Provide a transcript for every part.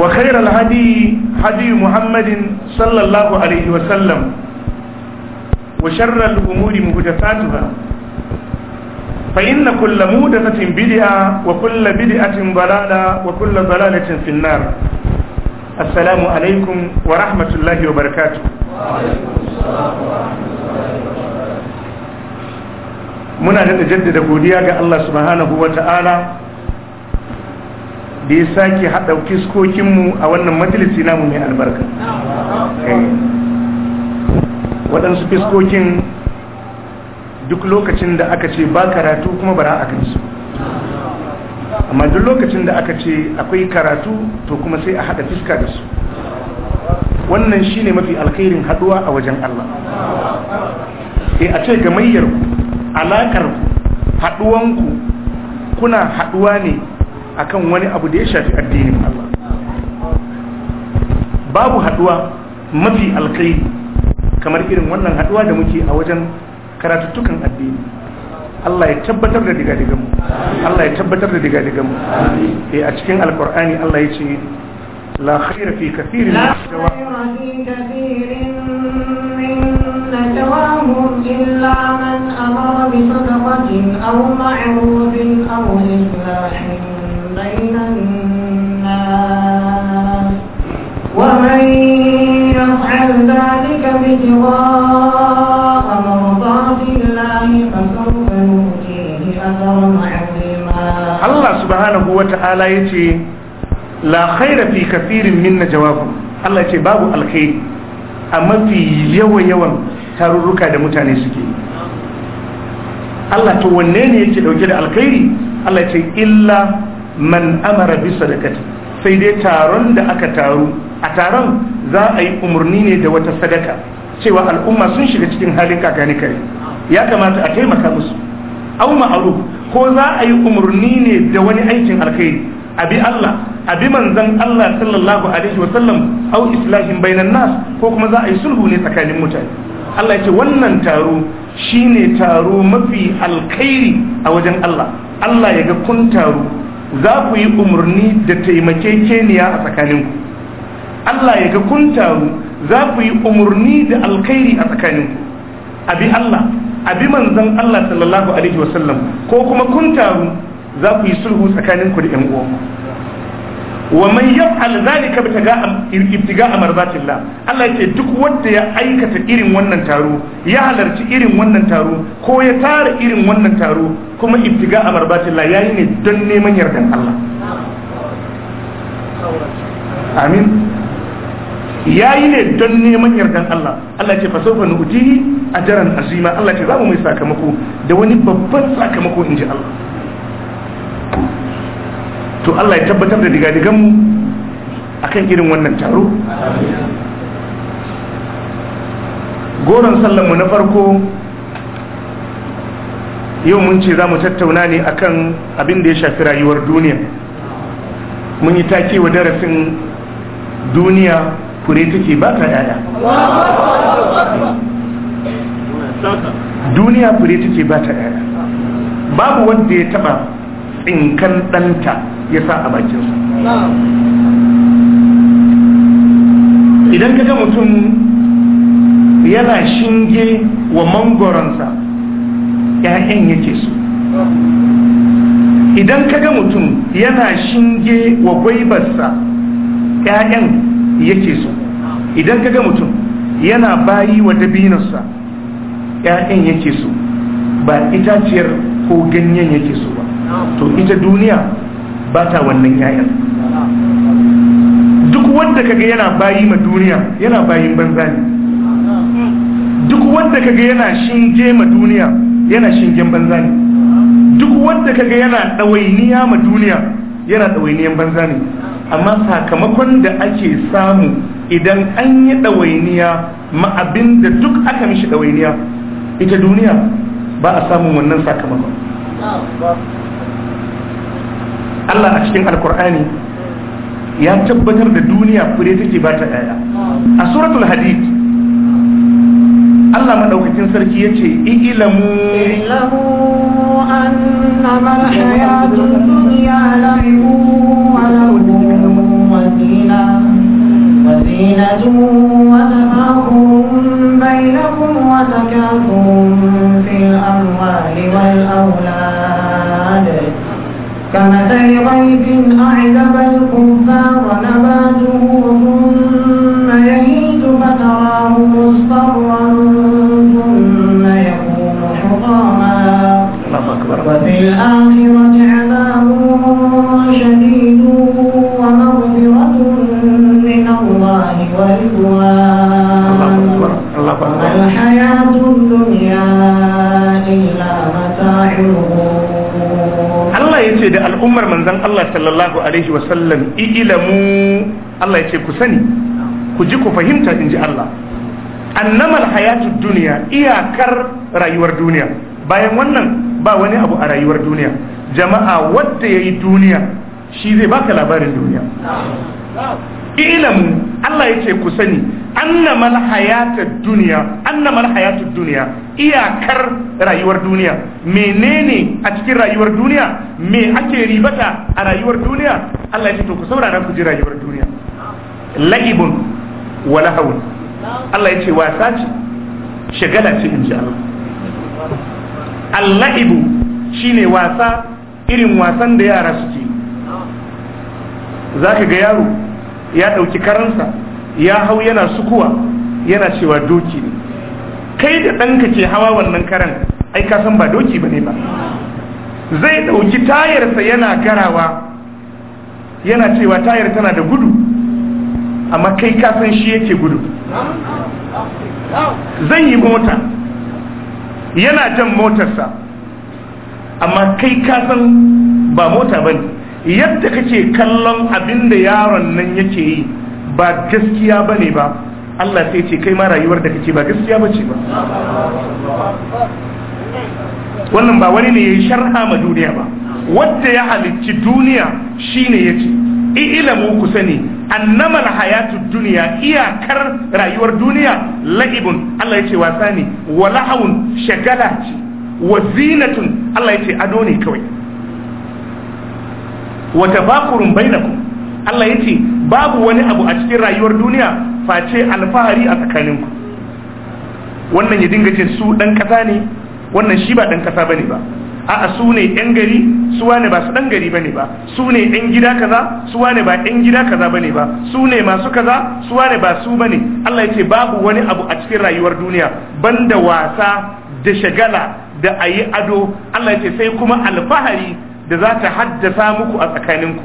وخير الهدي هدي محمد صلى الله عليه وسلم وشر الأمور مهدفاتها فإن كل مهدفة بدعة وكل بدعة ضلالة وكل ضلالة في النار السلام عليكم ورحمة الله وبركاته وعليكم السلام ورحمة الله وبركاته منا نتجدد بوديا الله سبحانه وتعالى da ya sake haɗa fiskokinmu a wannan majalisi namu mai albarka waɗansu fiskokin duk lokacin da aka ce ba karatu kuma bara a kansu amma duk lokacin da aka ce akwai karatu to kuma sai a haɗa fiska da su wannan shine mafi alkhairin haɗuwa a wajen Allah e a ce gamayyarku alaƙarku haɗuwanku kuna haɗuwa ne akan wani abu da ya shafi addinin Allah babu haduwa mafi alkai kamar irin wannan haduwa da muke a wajen karatuttukan addini Allah ya tabbatar da digadigan mu Allah ya tabbatar da digadigan mu eh a cikin alqur'ani Allah ya ce la khaira fi kathirin نجواهم إلا من أمر بصدقة أو معروف أو إصلاح Allah subhanahu wa ta’ala ya ce, La khaira fi kafirin min na Allah ya ce, Babu alkhairi a mafi yawan-yawan tarurruka da mutane suke. Allah to wanne ne yake dauke da alkhairi? Allah ya ce, Illa man amara bi sadakati sai dai taron da aka taru a taron za a yi umarni ne da wata sadaka cewa al'umma sun shiga cikin halin kakani kare ya kamata a taimaka musu au ma'ruf ko za a yi umarni ne da wani aikin alkhairi abi Allah abi manzon Allah sallallahu alaihi wa sallam au islahin bainan nas ko kuma za a yi sulhu ne tsakanin mutane Allah ya ce wannan taro shine taro mafi alkhairi a wajen Allah Allah ya ga kun taro za ku yi umarni da taimakekeniya a tsakaninku Allah ya ga kun taru za ku yi umarni da alkhairi a tsakaninku abi Allah abi manzon Allah sallallahu alaihi wasallam ko kuma kun taru za ku yi sulhu tsakaninku da 'yan uwanku wa man yaf'al zalika ibtiga'a marzatillah Allah yake duk wanda ya aikata irin wannan taro ya halarci irin wannan taro ko ya tara irin wannan taro kuma ibtiga'a marzatillah yayi ne don neman yardan Allah amin yayi ne don neman yardan Allah Allah ce fasawfa nu'tihi ajran azima Allah ce za mu mai sakamako da wani babban sakamako inji Allah to Allah ya tabbatar da mu akan irin wannan taro goron sallanmu na farko yau mun ce za mu tattauna ne akan abin da ya shafi rayuwar duniya mun yi take wa darasin duniya fure take ba ta yaya duniya fure take ba ta yaya babu wanda ya taba tsinkan ɗanta ya sa a bakinsa idan ka ga mutum yana shinge wa ƴaƴan ‘ya'yan yake su idan ka ga mutum yana shinge wa gwaibarsa ‘ya'yan yake su idan ka ga mutum yana bayi wa dabinarsa ‘ya'yan yake su ba itaciyar ko ganyen yake so ba to ita duniya ba ta wannan 'ya'yan. duk wanda kaga yana bayi ma duniya yana bayin banza ne duk wanda kaga yana shinge ma duniya yana shingen banza ne duk wanda kaga yana ɗawainiya ma duniya yana ɗawainiyan banza ne amma sakamakon da ake samu idan an yi ɗawainiya ma abin da duk aka mishi ɗawainiya ita duniya ba a samun wannan sakamakon Allah a cikin alkur'ani ya tabbatar da duniya fure take ba ta ɗaya a suratul hadid Allah maɗaukakin sarki ya ce ilamu أنما الحياة كمثل غيث أعذب الكفار نباته ثم يهيج فتراه مصفرا ثم يكون حطاما وفي الآخرة عذاب شديد ومغفرة من الله ورضوان وما الحياة الدنيا إلا متاع ce da al'ummar manzon Allah sallallahu alaihi wa sallam ilamu Allah ya ce ku sani ku ji ku fahimta in ji Allah annamal hayatud duniya iyakar rayuwar duniya bayan wannan ba wani abu a rayuwar duniya jama'a wanda yayi duniya shi zai baka labarin duniya ilamu Allah ya ce ku sani annamal hayatud duniya annamal hayatud duniya iyakar rayuwar duniya menene a cikin rayuwar duniya me ake ribata a rayuwar duniya Allah ya ce to ku saurara ku ji rayuwar duniya la'ibun wa lahawun Allah ya ce wasa ce shagala ce in ji Allah al-la'ibu shine wasa irin wasan da yara suke zaka ga yaro ya dauki karansa ya hau yana sukuwa yana cewa doki ne kai da ɗanka ke hawa wannan karan ai ka san ba doki ba ne ba zai ɗauki tayarsa yana garawa yana cewa tayar tana da gudu amma kai ka san shi yake gudu zai yi mota yana jan motarsa amma kai ka san ba mota ba ne yadda kake kallon abin da yaron nan yake yi ba gaskiya ba ne ba Allah sai ce kai ma rayuwar da kake ba gaskiya ba ce ba wannan ba wani ne ya yi sharha ma duniya ba wadda ya halicci duniya shine ya ce ilamu ku sani annamal hayatu duniya iyakar rayuwar duniya la'ibun Allah ya ce wasa ne wa lahawun shagala ce wa zinatun Allah ya ce ado ne kawai wa tafakurun bainakum Allah ya ce babu wani abu a cikin rayuwar duniya face alfahari a tsakaninku wannan ya dinga ce su dan kasa ne wannan shi ba dan kasa bane ba a'a su ne ɗan gari su wane ba su ɗan gari bane ba su ne ɗan gida kaza su wane ba ɗan gida kaza bane ba su ne masu kaza su wane ba su bane Allah ya ce babu wani abu a cikin rayuwar duniya banda wasa da shagala da ayi ado Allah ya ce sai kuma alfahari da za ta haddasa muku a tsakaninku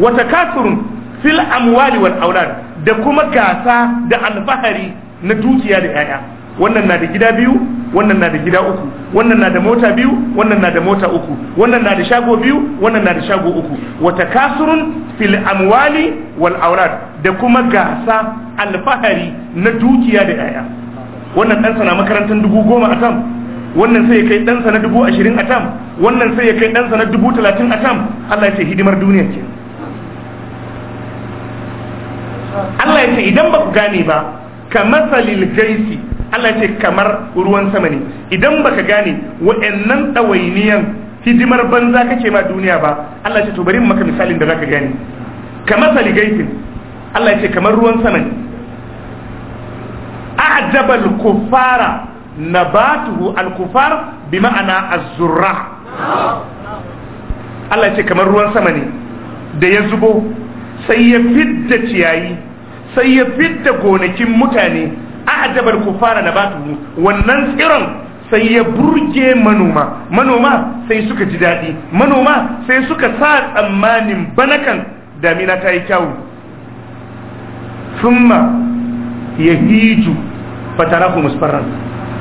Wata kasurun fil amwali wal aulad da kuma gasa da alfahari na dukiya da yaya wannan na da gida biyu wannan na da gida uku wannan na da mota biyu wannan na da mota uku wannan na da shago biyu wannan na da shago uku Wata kasurun fil amwali wal aulad da kuma gasa alfahari na dukiya da yaya wannan ɗansa na makarantar dubu goma a tam wannan sai ya kai ɗansa na dubu ashirin a tam wannan sai ya kai ɗansa na dubu talatin a tam Allah ya ce hidimar duniya ke Allah ya ce idan ba ku gane ba kamar salil gaisi Allah ya ce kamar ruwan sama ne idan ba ka gane wa'annan ɗawainiyan hidimar banza kake ma duniya ba Allah ya ce to bari maka misalin da za ka gane kamar salil gaisi Allah ya ce kamar ruwan sama ne jabal kufara nabatuhu al-kufar bi ma'ana azurra Allah ya ce kamar ruwan sama ne da ya zubo sai ya fidda ciyayi sai ya fidda gonakin mutane ku fara na batuhu wannan tsiron sai ya burge manoma manoma sai suka ji daɗi manoma sai suka sa tsammanin banakan damina ta yi kyawu summa ya hiju ku musfarar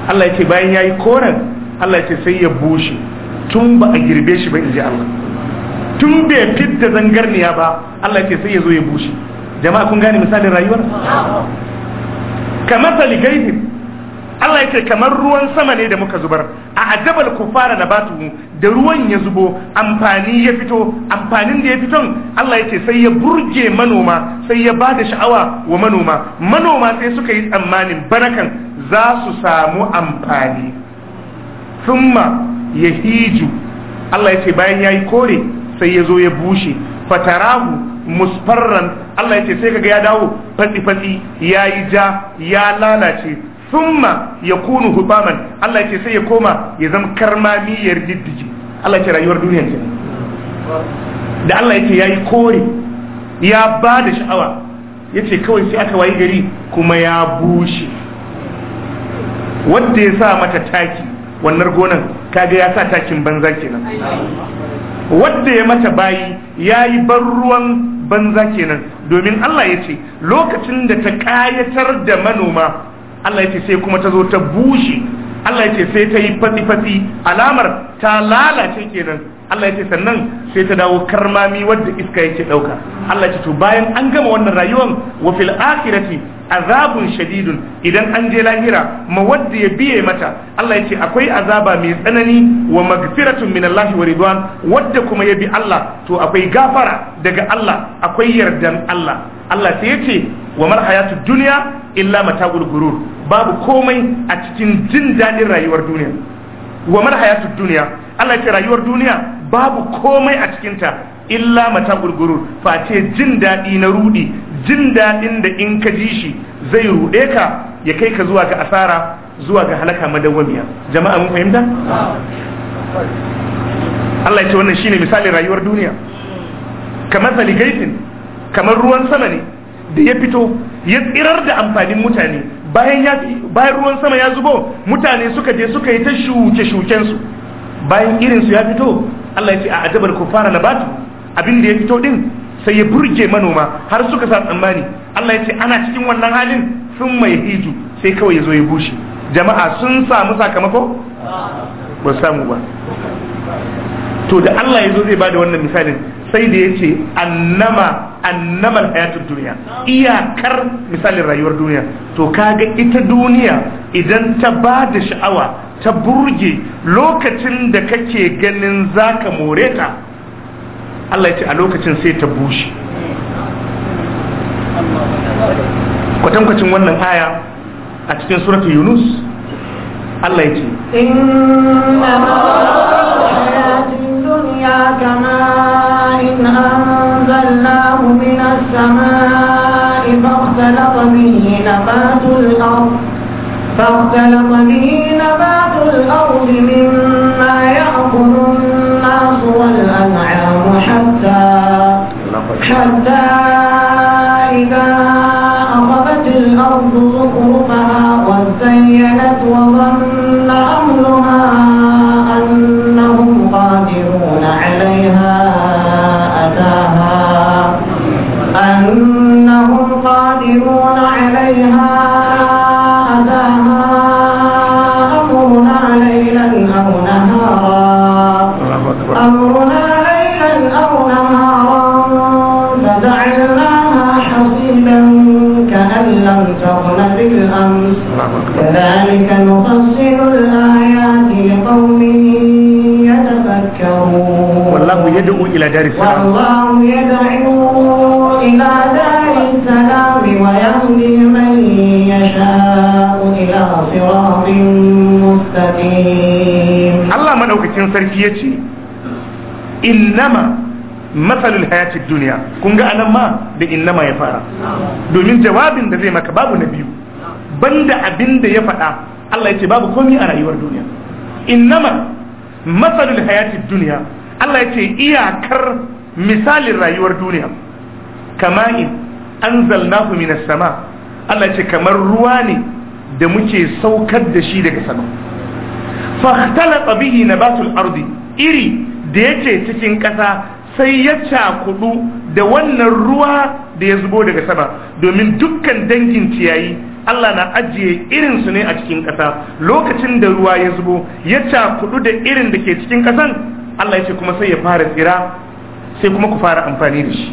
Allah ya ce bayan ya yi koren Allah ya ce sai ya bushe tun ba a girbe shi ba in ji Allah tun bai fidda zangarniya ba Allah ce sai ya zo ya bushe jama'a kun gane misalin rayuwar kamar saligaifin Allah ya kamar ruwan sama ne da muka zubar a ajabal kufara na batu da ruwan ya zubo amfani ya fito amfanin da ya fiton Allah ya sai ya burge manoma sai ya ba da sha'awa wa manoma manoma sai suka yi tsammanin barakan za su samu amfani summa ya hiju Allah ya ce bayan ya yi kore sai ya zo ya bushe fatarahu musfarran Allah ya ce sai kaga ya dawo fatsi-fatsi ya yi ja ya lalace thumma ya kunu hubaman Allah ya ce sai ya koma ya zama karmami ya diddiji Allah ya ce rayuwar duniya ce da Allah ya ce ya yi kore ya ba da sha'awa ya ce kawai sai aka wayi gari kuma ya bushe wanda ya sa mata taki wannan gonan kaga ya sa takin banza kenan wadda ya mata bayi ya yi ban ruwan banza kenan domin Allah ya ce lokacin da ta ƙayatar da manoma Allah ya ce sai kuma ta zo ta bushe Allah ya ce sai ta yi fatsi-fatsi alamar ta lalace kenan Allah ya ce sannan sai ta dawo karmami wadda iska yake dauka Allah ya ce to bayan an gama wannan rayuwar wa fil akhirati azabun shadidun idan an je lahira ma wadda ya biye mata Allah ya ce akwai azaba mai tsanani wa magfiratun min Allah wa ridwan wadda kuma ya bi Allah to akwai gafara daga Allah akwai yardan Allah Allah sai ya ce wa mal dunya illa mata'ul gurur babu komai a cikin jin dadin rayuwar duniya wa mal dunya Allah ya ce rayuwar duniya babu komai a cikinta illa mata gurguru face jin daɗi na rudi jin daɗin da in ka ji shi zai ruɗe ka ya kai ka zuwa ga asara zuwa ga halaka madawwamiya jama'a mun fahimta Allah ya ce wannan shine misalin rayuwar duniya kamar gaitin, kamar ruwan sama ne da ya fito ya tsirar da amfanin mutane bayan ruwan sama ya zubo mutane suka je suka yi ta shuke-shukensu bayan irin su ya fito Allah ya ce a ajabar fara labatu abin da ya fito din sai ya burge manoma har suka sa tsammani Allah ya ce ana cikin wannan halin sun mai hiju sai kawai ya zo ya bushe jama'a sun samu sakamako ba samu ba to da Allah ya zo zai bada wannan misalin sai da ya ce annama annamal hayatun duniya iyakar misalin rayuwar duniya to kaga ita duniya idan ta ba da sha'awa ta burge lokacin da kake ganin zaka more ta Allah ya ce a lokacin sai ta bushe kwatankwacin wannan aya a cikin surat yunus Allah ya ce inna ma الأرض من cikin sarki ya ce innama matsalul hayati duniya kun ga anan ma da innama ya fara domin jawabin da zai maka babu na biyu banda abin da ya faɗa Allah ya ce babu komi a rayuwar duniya innama matsalul hayati duniya Allah ya ce iyakar misalin rayuwar duniya kama'in anzalnahu minas sama Allah ya ce kamar ruwa ne da muke saukar da shi daga sama fahtalata bihi nabatul ardi iri da ce cikin ƙasa sai ya cakudu da wannan ruwa da ya zubo daga sama domin dukkan dangin ciyayi Allah na ajiye irin su ne a cikin ƙasa lokacin da ruwa ya zubo ya cakudu da irin da ke cikin ƙasan Allah ya ce kuma sai ya fara tsira sai kuma ku fara amfani da shi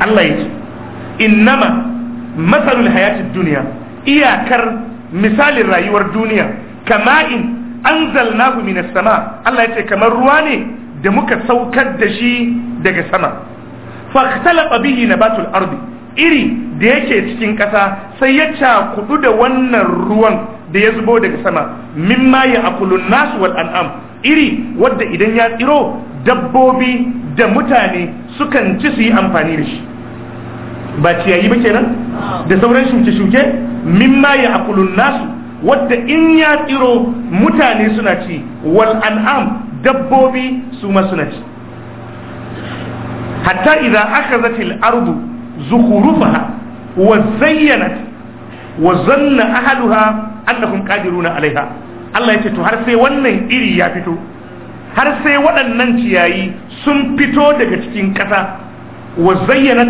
Allah ya ce innama masalul hayatid duniya iyakar misalin rayuwar duniya kama'in anzalnahu minas sama Allah ya ce kamar ruwa ne da muka saukar da shi daga sama fahtalaqa bihi nabatul ardi iri da yake cikin ƙasa sai ya cakudu da wannan ruwan da ya zubo daga sama mimma ya akulun nasu wal an'am iri wadda idan ya tsiro dabbobi da mutane sukan ci su yi amfani da shi ba ciyayi ba kenan da sauran shuke-shuke mimma ya akulun nasu wadda in ya tsiro mutane suna ci wal an'am dabbobi su ma suna ci hatta idza akhadhat al ardu zukhrufaha wa zayyanat wa zanna ahluha annahum qadiruna alaiha Allah yace to har sai wannan iri ya fito har sai waɗannan ciyayi sun fito daga cikin ƙasa wa zayyanat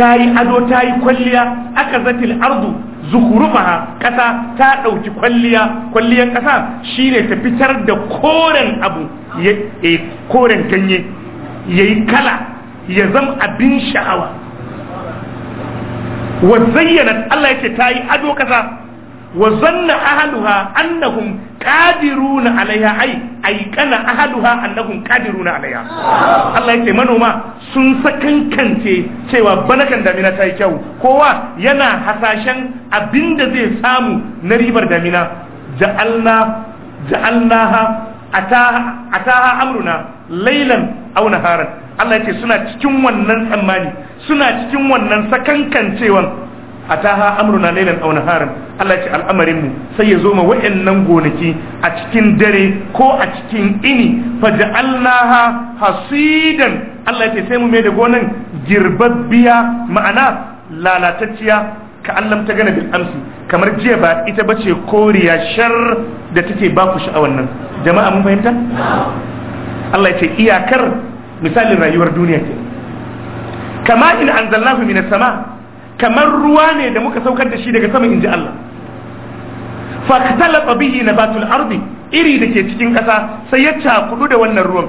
ta yi ado ta yi kwalliya aka zatil ardu zuhurufaha kasa ta ɗauki kwalliya kwalliyar kasa shine ta fitar da koren abu ya eh, koren ganye ya yi kala ya zama abin sha'awa wa zayyana Allah ya ce ta yi ado kasa wa zanna ahaduha annahum qadiruna alaiha ai aikana ahaduha annahum qadiruna alaiha Allah yake manoma sun sakankance cewa banakan damina ta kyau kowa yana hasashen abinda zai samu na ribar damina ja'alna ja'alnaha ataha ataha amruna laylan aw naharan Allah yake suna cikin wannan tsammani suna cikin wannan sakankancewan ataha amruna lailan aw naharan Allah ya ce al'amarin mu sai ya zo ma wayannan gonaki a cikin dare ko a cikin ini Fa ja'alnaha hasidan Allah ya ce sai mu mai da gonan girbabbiya ma'ana lalatacciya ka Allah ta gana bil amsi kamar jiya ba ita bace koriya shar da take ba ku sha'awan nan jama'a mun fahimta Allah ya ce iyakar misalin rayuwar duniya ke kama in anzalnahu minas sama kamar ruwa ne da muka saukar da shi daga sama inji Allah faktalata na batul ardi iri da ke cikin ƙasa sai ya cakudu da wannan ruwan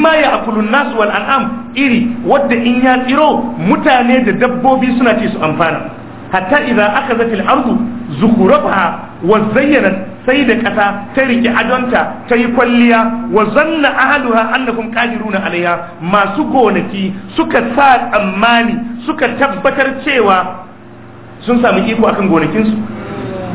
ma ya akulun nasu wal an'am iri wadda in ya tsiro mutane da dabbobi suna ce su amfana hatta idza akhadhat al-ardu zukhurafaha wa zayyanat sai da ƙasa ta riki adonta ta yi kwalliya wa zanna ahluha annakum qadiruna alaiha masu gonaki suka sa tsammani suka tabbatar cewa sun samu iko akan gonakinsu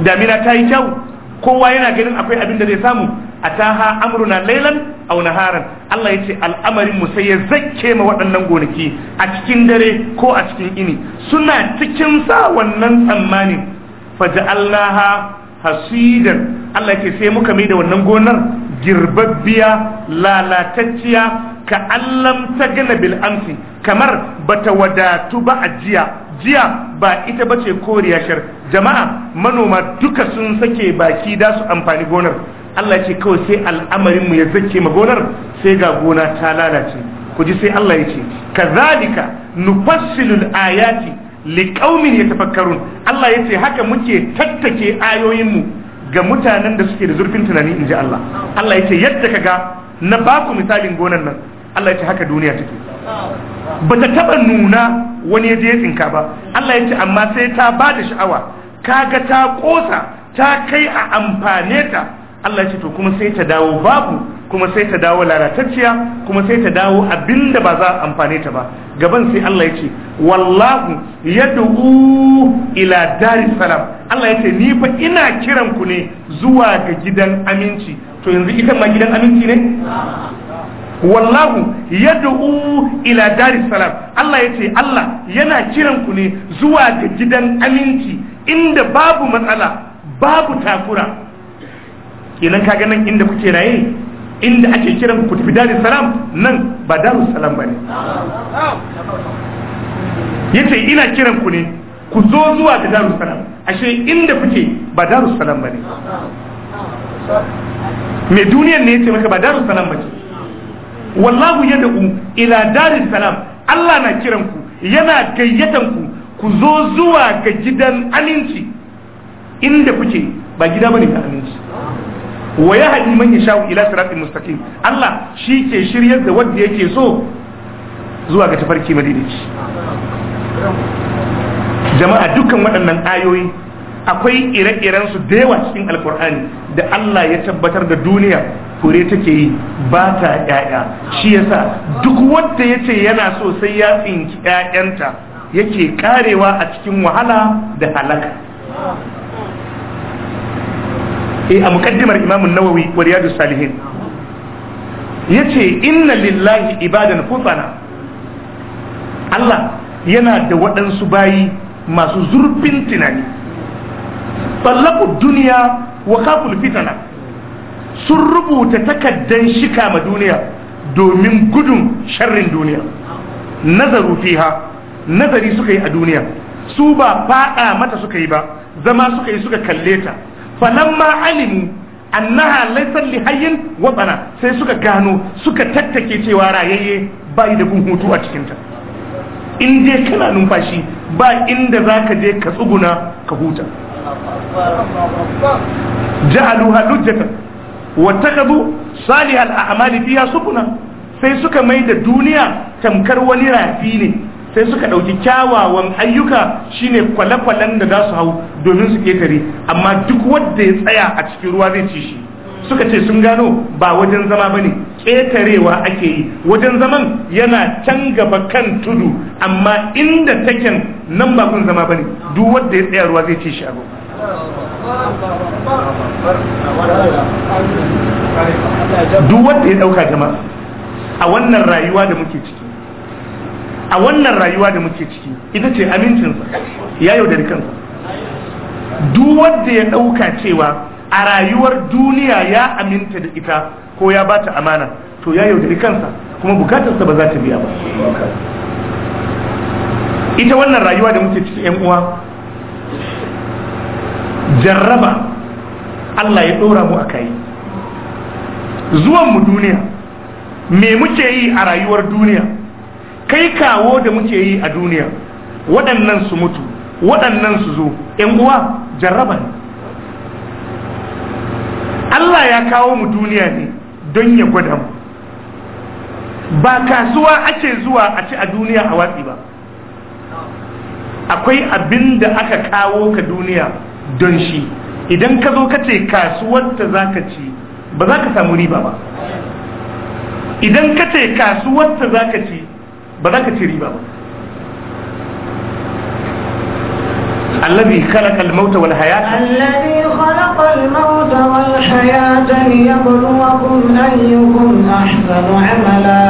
damina ta yi kyau kowa yana ganin akwai abin da zai samu a taha amruna lailan aw naharan Allah yace al'amarin mu sai ya zakke ma waɗannan gonaki a cikin dare ko a cikin ini suna cikin sa wannan tsammanin faja'alnaha hasidan Allah yace sai muka mai da wannan gonar girbabbiya lalatacciya ka allam ta gana bil amsi kamar bata wadatu ba a jiya jiya ba ita bace koriya shar jama'a manoma duka sun sake baki da su amfani gonar Allah ce kawai sai al'amarin mu ya zake ma gonar sai ga gona ta lalace ku ji sai Allah ya ce kazalika nufassilul ayati liqaumin yatafakkarun Allah ya ce haka muke tattake ayoyin mu ga mutanen da suke da zurfin tunani inji Allah Allah ya ce yadda kaga na baku misalin gonar nan Allah ya ce haka duniya take ba ta taba nuna wani ya je ya tsinka ba Allah ya ce amma sai ta ba da sha'awa ga ta kosa ta kai a amfane ta Allah ya ce to kuma sai ta dawo babu kuma sai ta dawo lalatacciya kuma sai ta dawo abinda ba za a amfane ta ba gaban sai Allah ya ce wallahu yad'u ila daris salam Allah ya ce ni fa ina kiran ku ne zuwa ga gidan aminci to yanzu ita ma gidan aminci ne wallahu yad'u ila daris salam Allah yace Allah yana kiran ku ne zuwa ga gidan aminci inda babu matsala babu takura kenan kaga nan inda kuke raye inda ake kiran ku tafi daris salam nan ba darus salam bane yace ina kiran ku ne ku zo zuwa ga darus salam ashe inda kuke ba darus salam bane me duniyar ne yace maka ba darus salam bane wallahu yad'u ila daris salam Allah na kiran ku yana gayyatan ku ku zo zuwa ga gidan aminci inda kuke ba gida bane ga aminci wa ya haɗi man yasha ila siratin mustaqim Allah shi ke shiryar da wanda yake so zuwa ga tafarki madidici jama'a dukkan waɗannan ayoyi akwai ire-iren su da yawa cikin alkur'ani da Allah ya tabbatar da duniya kore take yi ba ta ƴaƴa shi yasa duk wanda yace yana so sai ya tsinki yayanta yake karewa a cikin wahala da halaka eh a mukaddimar Imam nawawi wa Riyadus Salihin yace inna lillahi ibadan futana Allah yana da waɗansu bayi masu zurfin tunani tsallaku duniya wa kaful fitana sun rubuta takaddan shika ma duniya domin gudun sharrin duniya nazaru fiha nazari suka yi a duniya su ba faɗa mata suka yi ba zama suka yi suka kalle ta falamma alimu annaha laysat li hayyin bana sai suka gano suka tattake cewa rayayye bai da gun hutu a cikin ta in dai kana numfashi ba inda zaka je ka tsuguna ka huta ja'aluha lujjatan wattakabu salihal a'mali fiha sukuna sai suka mai da duniya tamkar wani rafi ne sai suka ɗauki kyawawan ayyuka shine kwale-kwalen da za su hau domin su ketare amma duk wanda ya tsaya a cikin ruwa zai ci shi suka ce sun gano ba wajen zama bane ƙetarewa ake yi wajen zaman yana can gaba kan tudu amma inda taken nan ba kun zama bane duk wanda ya tsaya ruwa zai ci shi a duk wanda ya dauka jama'a a wannan rayuwa da muke ciki a wannan rayuwa da muke ciki ita ce amincinsa ya yaudari kansa duk wanda ya dauka cewa a rayuwar duniya ya aminta da ita ko ya bata amana to ya yaudari kansa kuma bukatarsa ba za ta biya ba ita wannan rayuwa da muke ciki yan uwa jarraba Allah ya ɗora mu a kai zuwan mu duniya me muke yi a rayuwar duniya kai kawo da muke yi a duniya waɗannan su mutu waɗannan su zo ‘yan uwa jarraba ne Allah ya kawo mu duniya ne don ya gwada mu ba kasuwa ake zuwa a ci a duniya a watsi ba akwai abin da aka kawo ka duniya don shi idan ka zo ka ce kasuwar ta za ka ci ba za ka samu riba ba idan ka ce kasuwar ta za ka ci ba za ka ci riba ba الذي خلق الموت والحياة الذي خلق الموت والحياة ليبلوكم أيكم أحسن عملا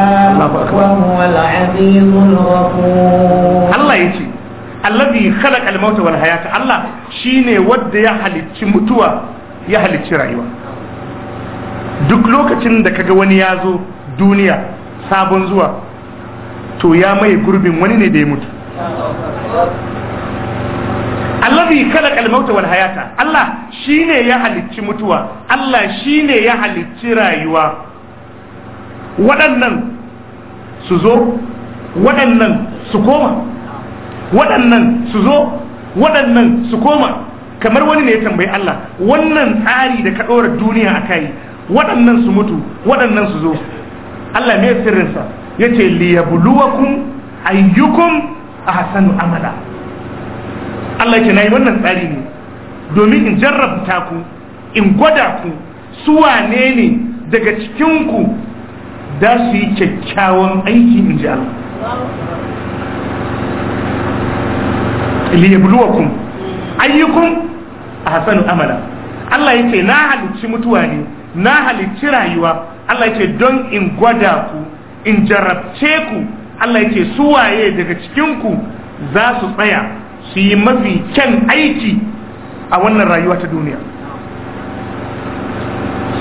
وهو العزيز الغفور الله يجي الذي خلق الموت والحياة الله shine wadda ya halicci mutuwa ya halicci rayuwa duk lokacin da kaga wani ya zo duniya sabon zuwa to ya mai gurbin wani ne da ya mutu allazi khalaqa al maut wal hayata Allah shine ya halicci mutuwa Allah shine ya halicci rayuwa waɗannan su zo waɗannan su koma waɗannan su zo waɗannan su koma kamar wani ne ya tambayi Allah wannan tsari da ka ɗora duniya a kai waɗannan su mutu waɗannan su zo Allah mai sirrinsa ya ce liyabluwakum ayyukum ahsanu amala Allah ke nayi wannan tsari ne domin in jarrabta ku in gwada ku su wane ne daga cikin ku da su yi kyakkyawan aiki in ji Allah liyabluwakum ayyukum ahsanu amala Allah yace na halicci mutuwa ne na halicci rayuwa Allah yace don in gwada ku in jarabce ku Allah yace su waye daga cikin ku za su tsaya su yi mafi kyan aiki a wannan rayuwa ta duniya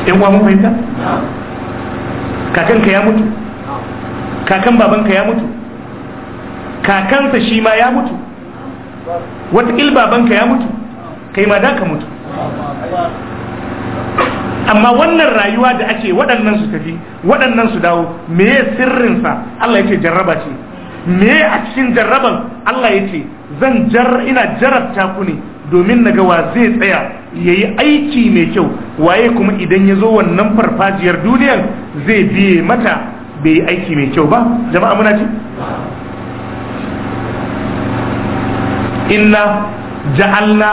in wa mun fahimta kakanka ya mutu kakan babanka ya mutu kakansa shi ma ya mutu wataƙil babanka ya mutu kai ma da ka mutu amma wannan rayuwa da ake waɗannan su tafi waɗannan su dawo me sirrinsa Allah ya ce jarraba ce me a cikin jarraban Allah ya ce zan jar ina jarabta ku ne domin na ga wa zai tsaya ya yi aiki mai kyau waye kuma idan ya zo wannan farfajiyar duniyar zai biye mata bai yi aiki mai kyau ba jama'a muna ce. inna جعلنا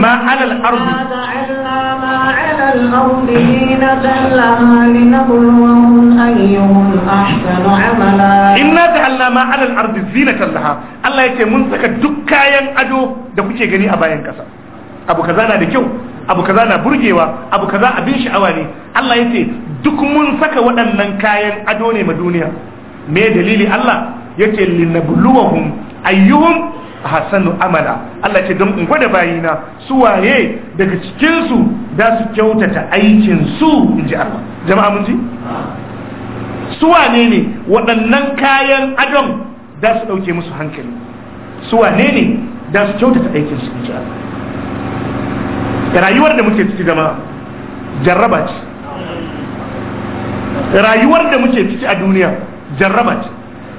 ما على الأرض جعلنا ما على الأرض زينة لها لنبلوهم أيهم أحسن عملا إنا جعلنا ما على الأرض زينة لها الله يتي من دكايا أدو دكوشي غني أبايا كسا أبو كذانا دكيو abu kaza na burgewa abu kaza abin sha'awa ne Allah ya duk mun saka waɗannan kayan ado ne ma duniya me dalili Allah ya ce linabluwahum ayyuhum hasanu amala Allah ce don in gwada bayina su waye daga cikin su da su kyautata aikin su in ji Allah jama'a mun ji su wane ne waɗannan kayan adon da su ɗauke musu hankali su wane ne da su kyautata aikin su in ji Allah rayuwar da muke ciki jama'a jarraba ce rayuwar da muke ciki a duniya jarraba ce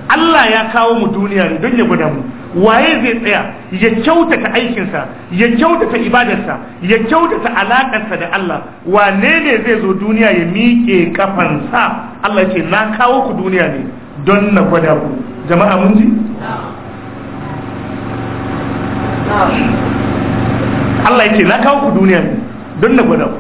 Allah ya kawo mu duniya ne don ya gwada mu waye zai tsaya ya kyautata aikinsa ya kyautata ibadarsa ya kyautata alaƙarsa da Allah wane ne zai zo duniya ya miƙe kafansa Allah ce na kawo ku duniya ne don na gwada ku jama'a mun ji Allah yake na kawo ku duniya ne don na gwada ku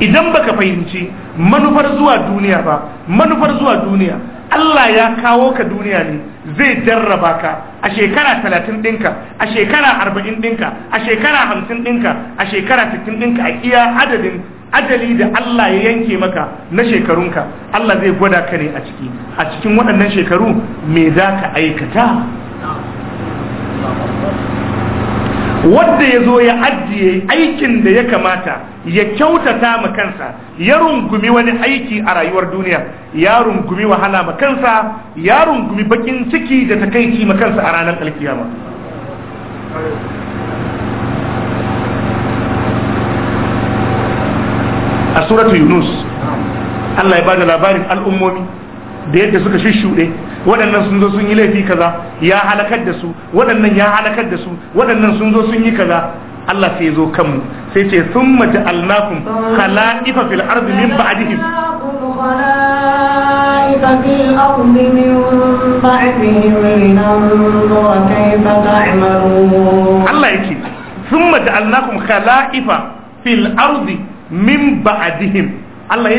idan baka fahimci manufar zuwa duniya ba manufar zuwa duniya Allah ya kawo ka duniya ne zai jarraba ka a shekara talatin ɗinka a shekara arba'in ɗinka a shekara hamsin ɗinka a shekara sittin ɗinka a iya adadin ajali da Allah ya yanke maka na shekarunka Allah zai gwada ka ne a ciki a cikin waɗannan shekaru me za ka aikata wadda ya zo ya ajiye aikin da ya kamata ya kyautata ma kansa ya rungumi wani aiki a rayuwar duniya ya rungumi wahala ma kansa ya rungumi bakin ciki da takaici ma kansa a ranar alkiyama a suratu yunus Allah ya bada labarin al'ummomi da yadda suka shishuɗe waɗannan sun zo sun yi laifi kaza ya halakar da su waɗannan ya halakar da su waɗannan sun zo sun yi kaza Allah sai ya zo kanmu sai ce thumma ja'alnakum khala'ifa fil ardi min ba'dihim في الأرض من بعدهم لننظر كيف تعملون الله يكي ثم جعلناكم خلائف في الأرض من بعدهم الله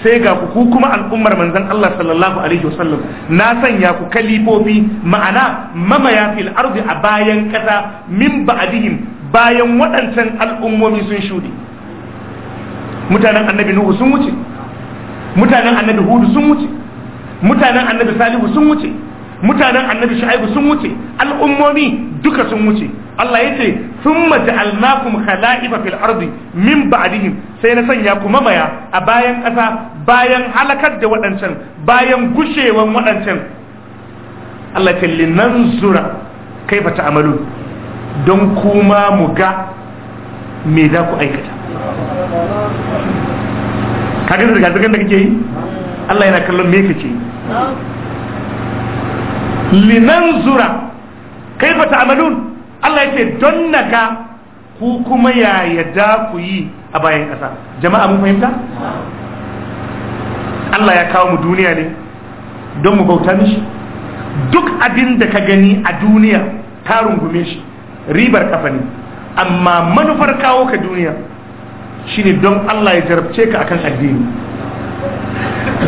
sai ga ku kuma al'ummar manzon Allah sallallahu alaihi wasallam na sanya ku kalifofi ma'ana mamaya fil ardi a bayan kasa min ba'dihim bayan waɗancan al'ummomi sun shuɗe mutanen annabi nuhu sun wuce mutanen annabi hudu sun wuce mutanen annabi salihu sun wuce mutanen annabi shu'aibu sun wuce al'ummomi duka sun wuce Allah yace sun ja'alnakum khala'ifa fil ardi min ba'dihim sai na sanya ku mamaya a bayan ƙasa bayan halakar da waɗancan bayan gushewan waɗancan Allah ta linanzura kaifa ta'malun don kuma mu ga me za ku aikata kaga da zirgar da kake yi Allah yana kallon me kake yi linan zura kai ba amalun Allah ya don don ga ku kuma ya yadda ku yi a bayan ƙasa jama'a mun fahimta Allah ya kawo mu duniya ne don mu bauta mishi duk abin da ka gani a duniya ka rungume shi ribar kafa ne amma manufar kawo ka duniya shine don Allah ya jarabce ka akan addini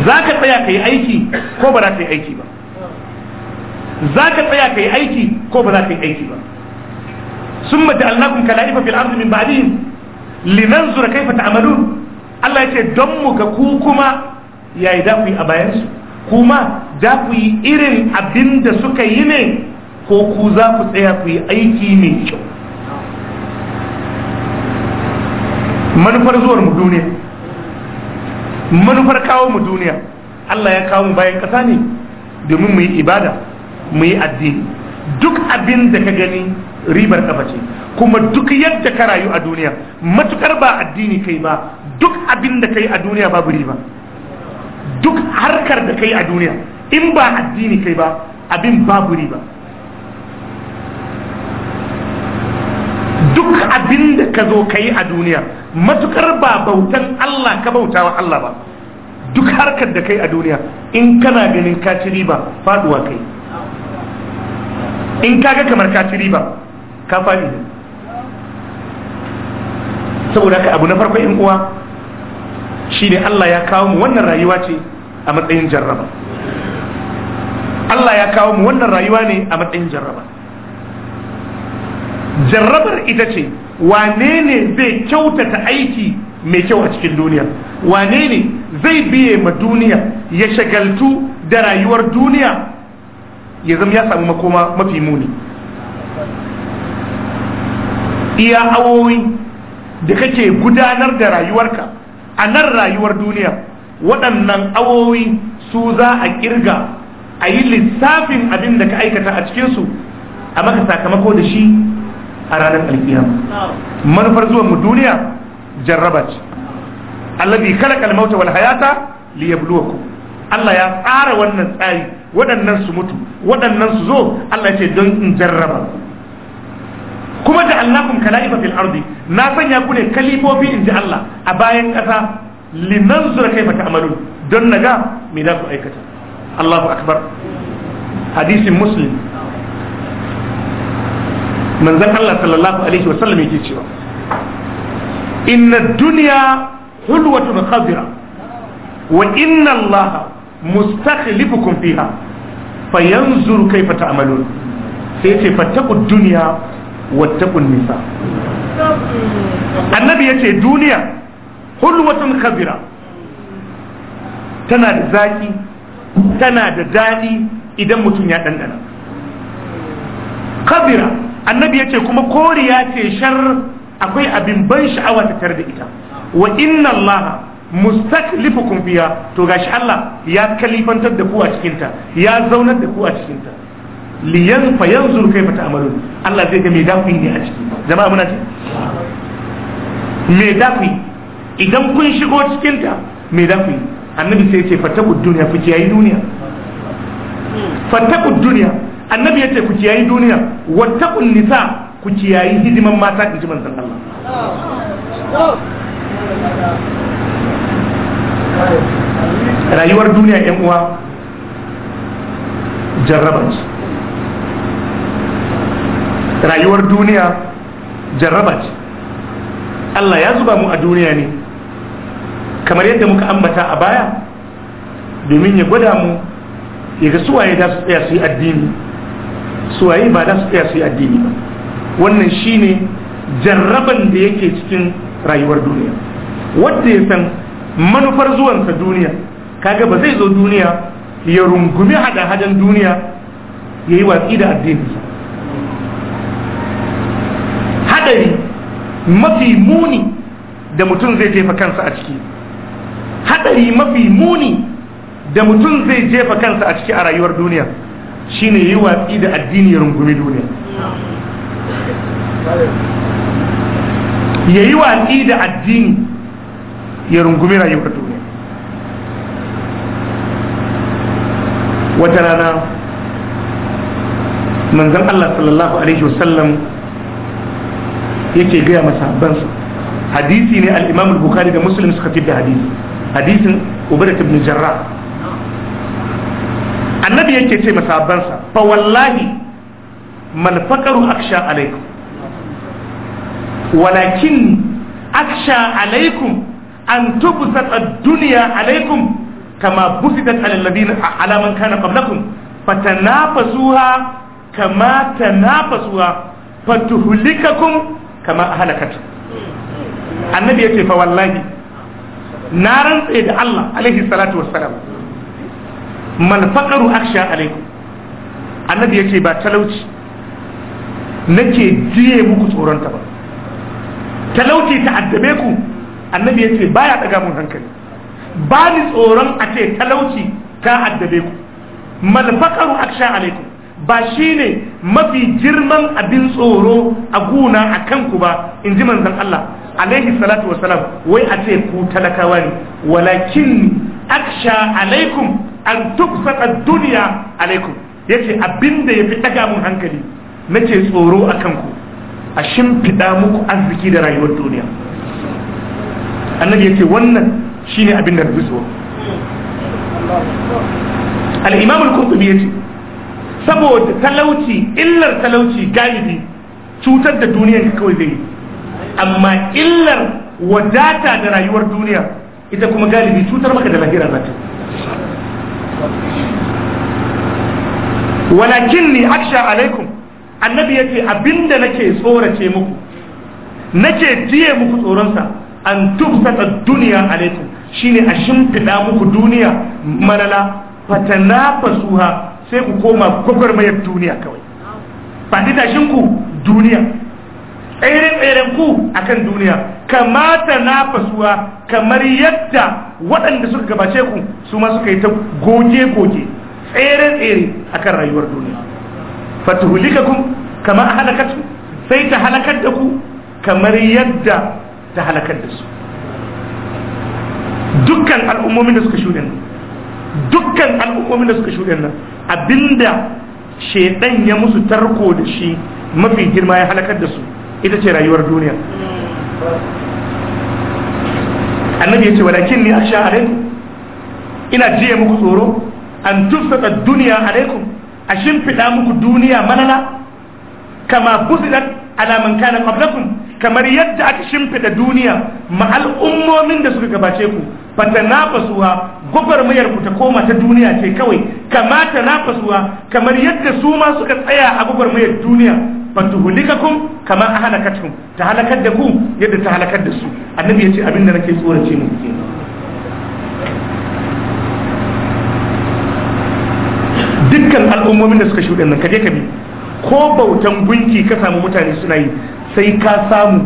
za ka tsaya ka yi aiki ko ba za ka yi aiki ba za ka tsaya ka yi aiki ko ba za ka yi aiki ba sun maji kala'ifa fil ardu min ba'dihim linan zura kaifa ta'malun Allah ya ce don mu ga ku kuma yayi da ku yi a bayansu kuma da ku yi irin abin da suka yi ne ko ku za ku tsaya ku yi aiki ne kyau manufar zuwar mu duniya manufar kawo mu duniya Allah ya kawo mu bayan ƙasa ne domin mu yi ibada mu yi addini duk abin da ka gani ribar kafa ce kuma duk yadda ka rayu a duniya matukar ba addini kai ba duk abin da kai a duniya babu riba duk harkar da kai a duniya in ba addini kai ba abin babu riba duk abin da ka zo ka yi a duniya matukar ba bautan Allah ka bauta wa Allah ba duk harkar da kai a duniya in kana ganin ka ba riba faduwa kai in kaga kamar ka ba riba ka fadi ne saboda ka abu na farko in uwa shi ne Allah ya kawo mu wannan rayuwa ce a matsayin jarraba Allah ya kawo mu wannan rayuwa ne a matsayin jarraba jarrabar ita ce wane ne zai kyautata aiki mai kyau a cikin duniya wane ne zai biye ma duniya ya shagaltu da rayuwar duniya ya zama ya samu makoma mafi muni iya awowi da kake gudanar da rayuwarka a nan rayuwar duniya waɗannan awowi su za a kirga a yi lissafin abin da ka aikata a cikinsu a maka sakamako da shi a ranar alkiyama manufar zuwan mu duniya jarraba ce allazi khalaqal mauta wal hayata liyabluwakum Allah ya tsara wannan tsari waɗannan su mutu waɗannan su zo Allah ya ce don in jarraba kuma da annakum kala'ifa fil ardi na sanya ku ne kalifofi inji Allah a bayan ƙasa kai kaifa amalu. don naga me za ku aikata Allahu akbar hadisin muslim manzon Allah sallallahu alaihi wa sallam yake cewa inna dunya hulwatun khadira wa inna Allah mustakhlifukum fiha fayanzur kaifa ta'malun sai ce fattaqud dunya wattaqun nisa annabi yace duniya hulwatun khadira tana da zaki tana da dadi idan mutum ya dandana. kabira annabi ya ce kuma koriya ce shar akwai abin ban sha'awa ta tare da ita wa inna allaha mustaklifukum fiha to gashi Allah ya kalifantar da ku a cikinta ya zaunar da ku a cikinta ta liyan fa yanzur kaifa ta'malun Allah zai ga me da ne a ciki jama'a muna ji me da idan kun shigo cikinta me da annabi sai ya ce fatakud duniya ku kiyayi duniya fatakud duniya annabi ce ku kiyayi duniya wata nisa ku kiyayi hidiman mata in ji manzan Allah rayuwar duniya yan uwa jarrabar rayuwar duniya jarrabar Allah ya zuba mu a duniya ne kamar yadda muka ambata a baya domin ya gwada mu yaga ga suwaye da su tsaya su yi addini suwaye ba za su iya su yi addini ba wannan shine jarraban da yake cikin rayuwar duniya wanda ya san manufar zuwansa duniya kaga ba zai zo duniya ya rungumi hada-hadan duniya ya yi watsi da addininsa hadari mafi muni da mutum zai jefa kansa a ciki hadari mafi muni da mutum zai jefa kansa a ciki a rayuwar duniya shine yi watsi da addini ya rungumi duniya ya yi watsi da addini ya rungumi rayuwar duniya wata rana manzan Allah sallallahu alaihi wasallam yake gaya masahabbansa hadisi ne al-imam al-bukhari da muslim suka fi da hadisi hadisin ubadat ibn jarrah annabi yake ce masabansa fa wallahi man faqaru aksha alaikum walakin aksha alaikum an tubsata ad-dunya alaikum kama busitat ala alladhina ala man kana qablakum fatanafasuha kama tanafasuha fatuhlikakum kama ahlakat annabi yace fa wallahi na rantsa da Allah alaihi salatu wassalam mal faqaru aksha alaikum annabi yace ba talauci nake jiye muku tsoron ta ba talauci ta addabe ku annabi yace baya daga mun hankali ba ni tsoron a ce talauci ta addabe ku mal faqaru aksha alaikum ba shine mafi girman abin tsoro a guna a kanku ba in ji manzon Allah alaihi salatu wasalam wai a ce ku talakawa ne walakin aksha alaikum an tubsata duniya alaikum yace abinda fi daga mun hankali ce tsoro akan ku a shimfiɗa muku arziki da rayuwar duniya annabi yace wannan shine abinda da rubuso al-imam al-qurtubi yace saboda talauci illar talauci galibi cutar da duniya ka kawai zai amma illar wadata da rayuwar duniya ita kuma galibi cutar maka da lahira zata Walakin ni aksha alaikum annabi yace abinda nake tsorace muku nake jiye muku tsoronsa an tubsata duniya alaikum shine a shimfiɗa muku duniya malala fasuha sai ku koma gwagwarmayar duniya kawai faɗi da shinku, duniya tsere-tseren ku a kan duniya kamata na fasuwa kamar yadda waɗanda suka gabace ku su ma suka yi ta goge-goge tsere-tsere a kan rayuwar duniya fatuhulika ku kamar a halakatu sai ta halakar da ku kamar yadda ta halakar da su dukkan al'ummomin da suka shuɗe nan dukkan al'ummomin da suka shuɗe nan abinda shaidan ya musu tarko da shi mafi girma ya halakar da su ita ce rayuwar duniya annabi ya ce walakin ni asha alaikum ina jiya muku tsoro an tufsata duniya alaikum a shimfiɗa muku duniya manana kama fusilat ala man kana qablakum kamar yadda aka shimfiɗa duniya ma al'ummomin da suka gabace ku bata nafasuwa gwagwarmayar ku ta koma ta duniya ce kawai kama ta nafasuwa kamar yadda su ma suka tsaya a gwagwarmayar duniya fatuhulikakum kama ahlakatkum ta halakar da ku yadda ta halakar da su annabi yace abinda nake tsorace mu kenan dukkan al'ummomin da suka shuɗe nan kaje ka bi ko bautan gunki ka samu mutane suna yi sai ka samu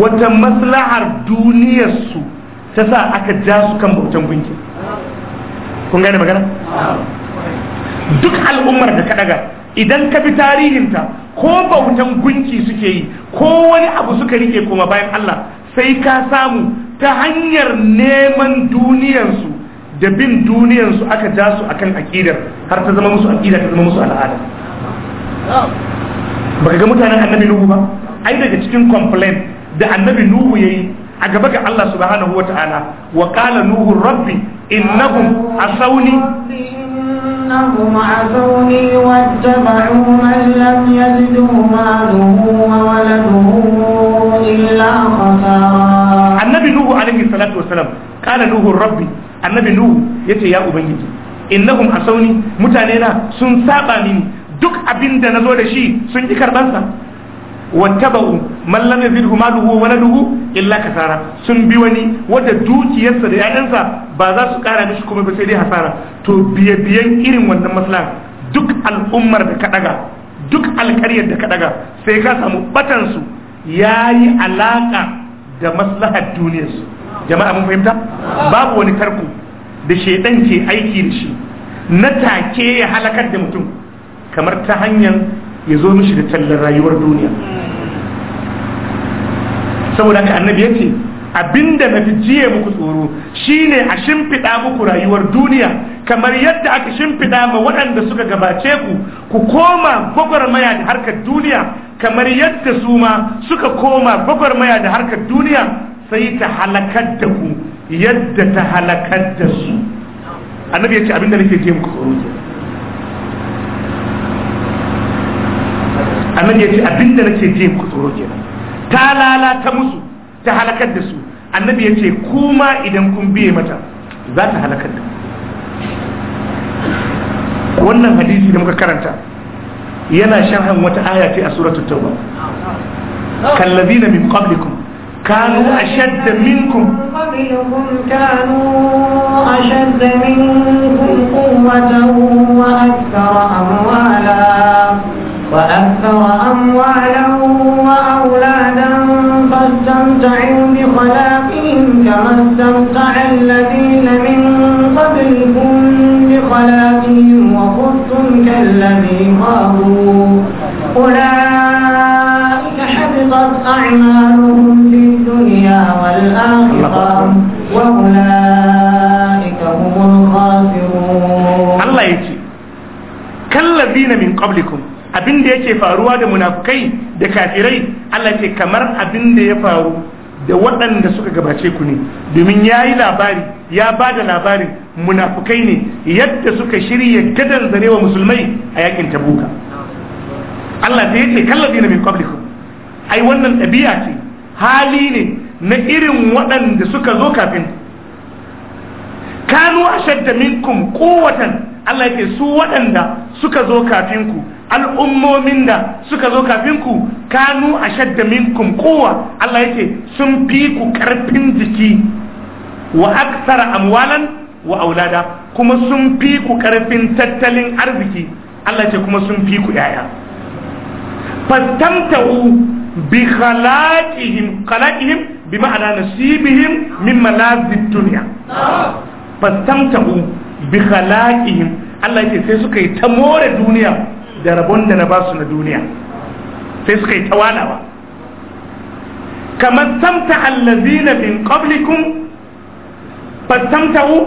wata maslahar duniyarsu ta sa aka ja su kan bautan gunki kun gane magana duk al'ummar da ka daga idan ka bi tarihinta ko bautan gunki suke yi ko wani abu suka rike kuma bayan Allah sai ka samu ta hanyar neman duniyarsu da bin duniyarsu aka ja su akan akidar har ta zama musu akida ta zama musu al'ada baka ga mutanen annabi nuhu ba ai daga cikin complaint da annabi nuhu yayi a gaba ga Allah subhanahu wataala wa qala nuhu rabbi innahum asawni أنهم عزوني واتبعوا من لم يزده ماله وولده إلا خسارا النبي نوح عليه الصلاة والسلام قال نوح ربي النبي نوح يتي يا أبنجي إنهم عصوني متانينا سنسابا مني duk abin da na zo da shi sun ƙi karɓansa wattaba'u man lam yazidhu maluhu wa waladuhu illa kasara sun bi wani wanda dukiyarsa da 'ya'yansa ba za su kara mishi kuma ba sai dai hasara to biye biyan irin wannan maslaha duk al'ummar da ka daga duk alƙaryar da ka daga sai ka samu batan su yayi alaka da maslahar duniyarsu jama'a mun fahimta babu wani tarko da shedan ke aiki da shi na take ya halakar da mutum kamar ta hanyar ya zo mishi da tallar rayuwar duniya saboda ka annabi ya ce abinda na fi jiye muku tsoro shine a shimfiɗa muku rayuwar duniya kamar yadda aka shimfiɗa ma waɗanda suka gabace ku ku koma gwagwarmaya da harkar duniya kamar yadda su ma suka koma gwagwarmaya da harkar duniya sai ta halakar da ku yadda ta halakar da su annabi ya ce abinda nake je muku tsoro annabi ya ce abinda nake je ku tsoro kenan ta lalata musu ta halakar da su annabi ya ce kuma idan kun biye mata za ta halakar da wannan hadisi da muka karanta yana sharhan wata aya ce a suratul tauba kallazina min qablikum kanu ashadda minkum qablikum kanu ashadda minkum quwwatan wa akthara amwala وأكثر أموالا وأولادا فاستمتعوا بخلاقهم كما استمتع الذين من قبلكم بخلاقهم وخذتم كالذي خابوا أولئك حبطت أعمالهم في الدنيا والآخرة وأولئك هم الخاسرون الله يجي كالذين من قبلكم abin da yake faruwa da munafukai da kafirai Allah ce kamar abin da ya faru da waɗanda suka gabace ku ne domin ya yi labari ya ba da labarin munafukai ne yadda suka shirya gadar wa musulmai a yakin tabuka Allah ta yace kallon zina min qablikum ai wannan ɗabi'a ce hali ne na irin waɗanda suka zo kafin kanu ashadda minkum kowatan Allah ya ce su waɗanda suka zo kafin ku al'ummomin da suka zo kafin ku kanu a shadda minkum kowa Allah yake sun fi ku karfin jiki wa aksara amwalan wa aulada kuma sun fi ku karfin tattalin arziki Allah yake kuma sun fi ku yaya fastamtahu bi khalaqihim khalaqihim bi ma'ana nasibihim min malazid dunya fastamtahu bi khalaqihim Allah yake sai suka yi ta more duniya da rabon da na ba su na duniya sai suka yi tawalawa kamar tamta allazina min qablikum fastamta'u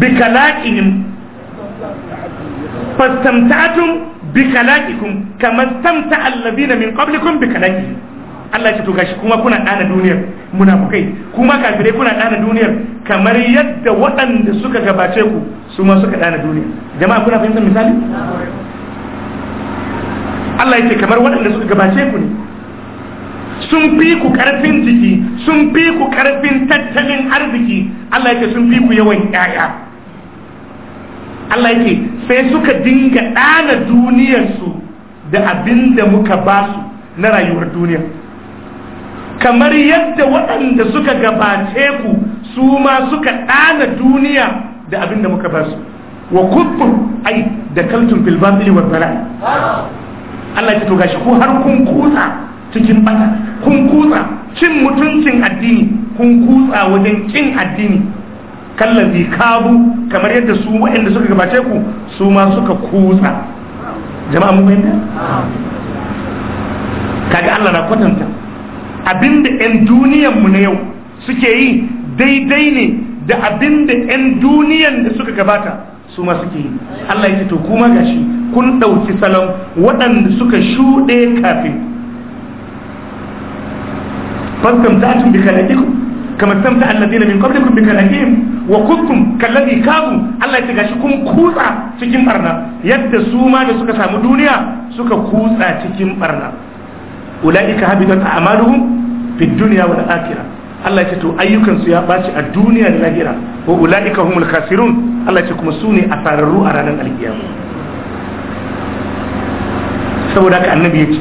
bi kalaqihim fastamta'tum bi kalaqikum kamar tamta allazina min qablikum bi kalaqihim Allah ce to gashi kuma kuna dana duniyar munafukai kuma kafirai kuna dana duniyar kamar yadda waɗanda suka gabace ku su ma suka dana duniya jama'a kuna fahimtar misali Allah yake kamar waɗanda suka gabace ku ne sun fi ku karfin jiki sun fi ku karfin tattalin arziki Allah yake sun fi ku yawan yaya Allah yake sai suka dinga ɗana duniyarsu da abin da muka ba su na rayuwar duniya kamar yadda waɗanda suka gabace ku su ma suka ɗana duniya da abin da muka ba su wa kubbu ai da kaltun filbatili wa bala'i Allah ya to gashi ko har kun kusa cikin bata kun kusa cin mutuncin addini kun kusa wajen cin addini kallazi kabu kamar yadda su waɗanda suka gabace ku su ma suka kusa jama'a mun fahimta kaga Allah na kwatanta abinda 'yan duniyan mu na yau suke yi daidai ne da abinda 'yan duniyan da suka gabata su ma suke yi Allah ya ce to kuma gashi kun ɗauki salon waɗanda suka shuɗe kafin tun bi khalaqikum kama ta allah zina min qablikum bi khalaqihim wa kuntum kalladhi kabu Allah ya ce gashi kun kutsa cikin barna yadda su ma da suka samu duniya suka kutsa cikin barna ulaika habitat a'maluhum fid dunya wal akhirah Allah ce to ayyukan su ya ɓaci a duniya da lahira wa ula'ika humul khasirun Allah ce kuma su ne asararru a ranar alkiyama saboda haka annabi ya ce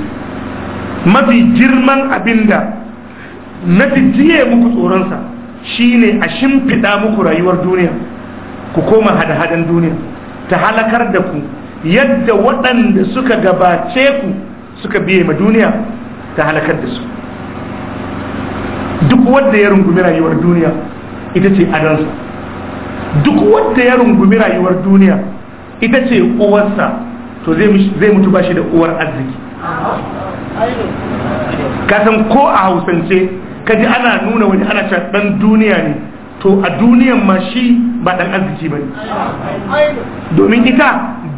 mafi girman abinda na jiye muku tsoronsa shine a shimfiɗa muku rayuwar duniya ku koma hada-hadan duniya ta halakar da ku yadda waɗanda suka gabace ku suka biye ma duniya ta halakar da su duk wanda ya rungumi rayuwar duniya ita ce adalsa duk wanda ya rungumi rayuwar duniya ita ce uwarsa to zai mutu ba shi da uwar arziki kasan ko a hausance kaji ana nuna wani ana can dan duniya ne to a duniyan ma shi ba dan arziki ba ne domin ita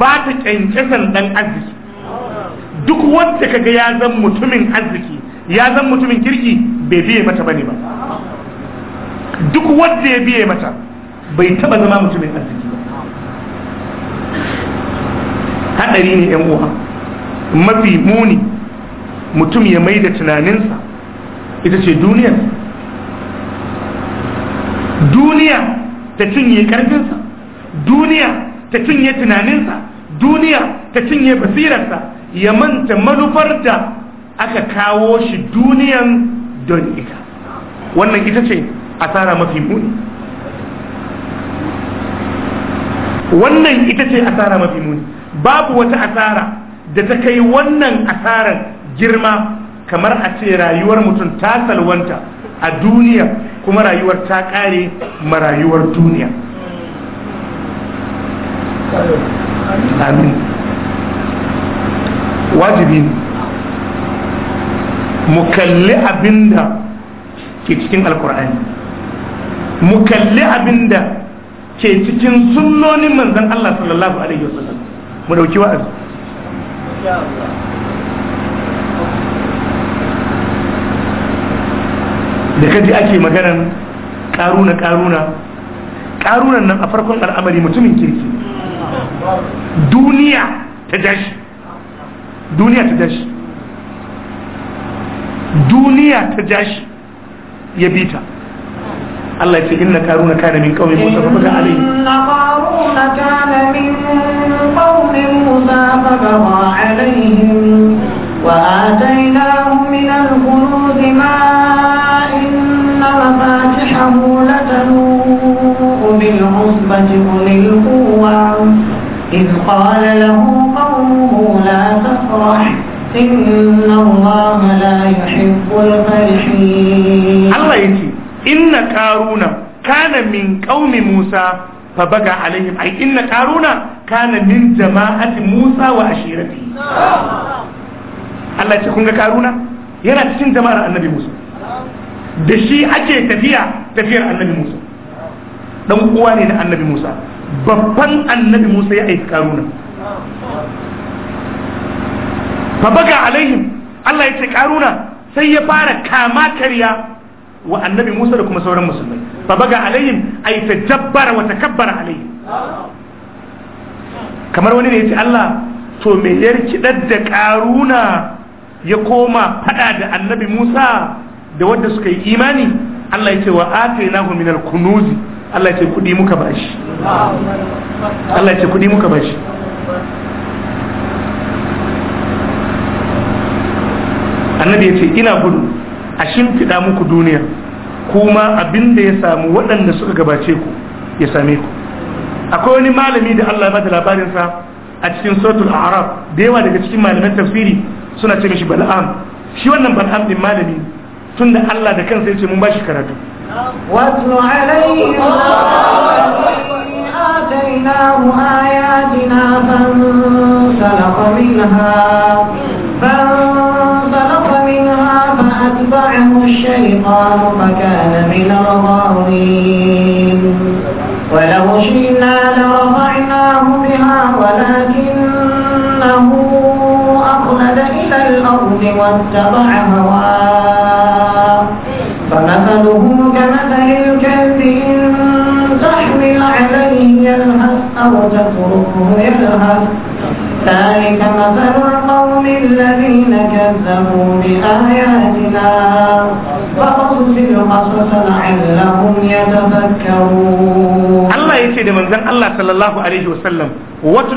ba ta kyankyasan dan arziki duk wanda kaga ya zan mutumin arziki ya zan mutumin kirki bai biye mata bane ba duk wanda ya biye mata bai taba zama mutumin arziki ba hadari ne yan uwa mafi muni mutum ya mai da tunaninsa ita ce duniyar duniya ta cinye karfinsa duniya ta cinye tunaninsa duniya ta cinye basirarsa ya manta manufar da aka kawo shi duniyan don ita wannan ita ce asara mafi muni wannan ita ce asara mafi muni babu wata asara da ta kai wannan asarar girma kamar a ce rayuwar mutum ta salwanta a duniya kuma rayuwar ta kare marayuwar duniya amin wajibi mu kalli abinda ke cikin alkur'ani mu kalli abinda ke cikin sunnonin manzan Allah sallallahu alaihi wasallam mu dauki wa'azi da kaji ake maganan karuna karuna karunan nan a farkon al'amari mutumin kirki duniya ta dashi duniya ta dashi duniya ta jashi ya bi ta Allah ce inna karuna kana min qaumin Musa fa baka alayhi inna karuna kana min qaumin Musa fa baka alayhim wa atainahu min al-kunuz ma inna mafatihahu latanu bil usbati ulil quwwa إذ قال له قومه لا تفرح إن الله لا يحب الفرحين الله يجي إن قارون كان من قوم موسى فبقى عليهم أي min قارون كان من جماعة موسى وعشيرته Allah ce kun ga karuna yana cikin jama'ar annabi Musa da shi ake tafiya tafiyar annabi Musa dan uwa ne da annabi Musa babban annabi Musa ya aika karuna fa baga alaihim Allah ya ce karuna sai ya fara kama karya wa annabi Musa da kuma sauran musulmai fa baga alaihim ay tajabbara wa takabbara alaihim kamar wani ne ya ce Allah to me ya rikidar da karuna ya koma fada da annabi Musa da wanda suka yi imani Allah ya ce wa atainahu min al Allah ya ce kudi muka bashi Allah ya ce kudi muka bashi annabi ya ce ina gudu a shimfiɗa muku duniya kuma abin da ya samu waɗanda suka gabace ku ya same ku akwai wani malami da Allah ba labarin labarinsa a cikin sautul arab da yawa daga cikin malaman tafsiri suna ce mishi bala'am shi wannan bala'am din malami tun da Allah da kansa ya ce mun bashi karatu watlu alayhi آتيناه فأتبعه الشيطان فكان من الغاوين ولو شئنا لرفعناه بها ولكنه أخلد إلى الأرض واتبع هواه فمثله كمثل الكلب إن تحمل عليه يلهث أو تتركه يلهث ذلك مثل in lalina kyauta kodi Allah ya ce dama zan Allah ta alaihi wa sallam watu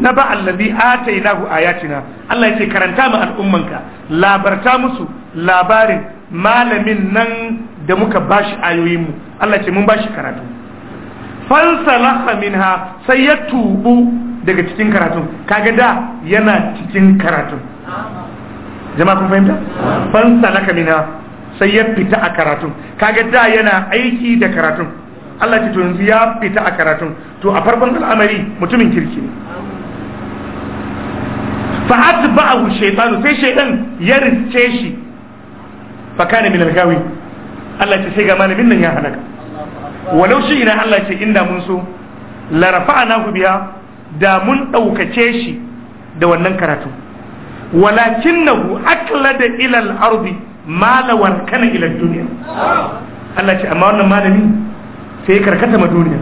na ba lallai a taidahu a ya cinna Allah ya ce karanta ma al'ummanka labarta musu labarin malamin nan da muka ba shi ayoyinmu Allah ce mun ba shi karatu fara salasa min ha sai ya tubu. daga cikin karatun kaga da yana cikin karatun jama'a kun fahimta ban salaka mina sai ya fita a karatun kaga da yana aiki da karatun Allah ce to yanzu ya fita a karatun to a farkon al'amari mutumin kirki ne fa atba'ahu shaytanu sai shaytan ya rince shi fa kana min al-gawi Allah ce sai ga malamin nan ya halaka walau shi ina Allah ce inda mun so la rafa'nahu biha da mun ɗaukace shi da wannan karatu walakin ku akla da ilal arzi malawar kana ilal duniya Allah ce amma wannan malami sai ya karkata ma duniya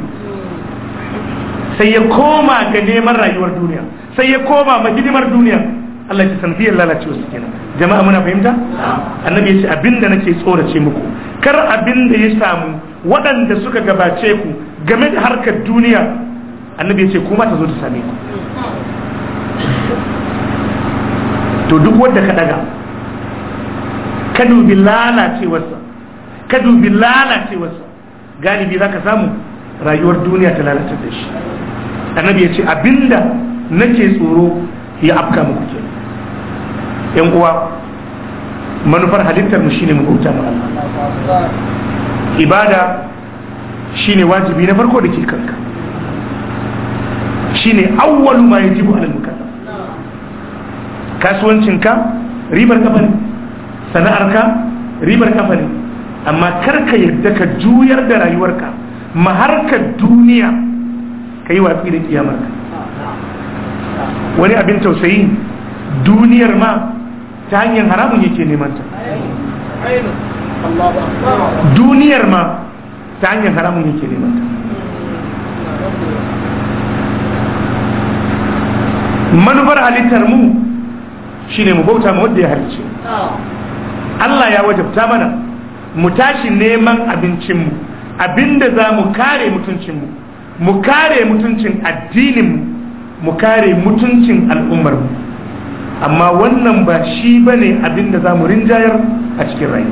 sai ya koma ga neman rayuwar duniya sai ya koma ma hidimar duniya Allah san sanfiyar lalacewa su kenan jama'a muna fahimta annabi ya ce abinda nake tsorace muku kar abinda ya samu waɗanda suka gabace ku game da harkar duniya annabi ya ce kuma ta zo ta same ku to duk wanda ka daga ka dubi lalacewarsa ka dubi lalacewarsa galibi za ka samu rayuwar duniya ta lalatar da shi annabi ya ce abinda nake tsoro ya afka muku ke yan uwa manufar halittar mu shine mu bauta mu Allah ibada shine wajibi na farko da ke kanka shine awwalu ma yajibu alal mukallaf kasuwancin ka ribar kafa ne sana'ar ka ribar kafa ne amma karka yadda ka juyar da rayuwarka maharkar duniya ka yi watsi da kiyamarka wani abin tausayi duniyar ma ta hanyar haramun yake neman ta duniyar ma ta hanyar haramun yake neman ta manufar halittar mu shine mu bauta ma wanda ya halice oh. Allah ya wajabta mana mu tashi neman abincinmu abinda za mu kare mutuncinmu mu kare mutuncin addininmu mu kare mutuncin al'ummarmu amma wannan ba shi ba ne abinda za mu rinjayar a cikin rai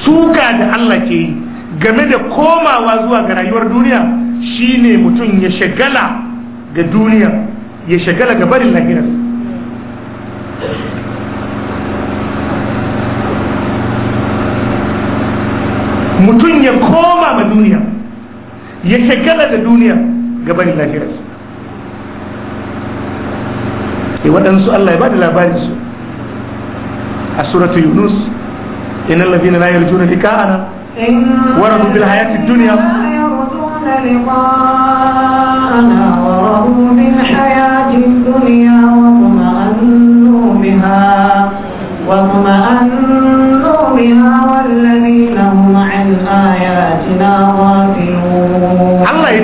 suka da Allah ke yi game da komawa zuwa ga rayuwar duniya shine mutum ya shagala ga duniya ya shagala ga barin lahirar mutum ya koma ma duniya ya shagala da duniya ga barin ya waɗansu Allah ya ba da labarinsu a suratu yunus inna lalazina la yarjuna liqa'ana ورضوا بالحياة Allah ya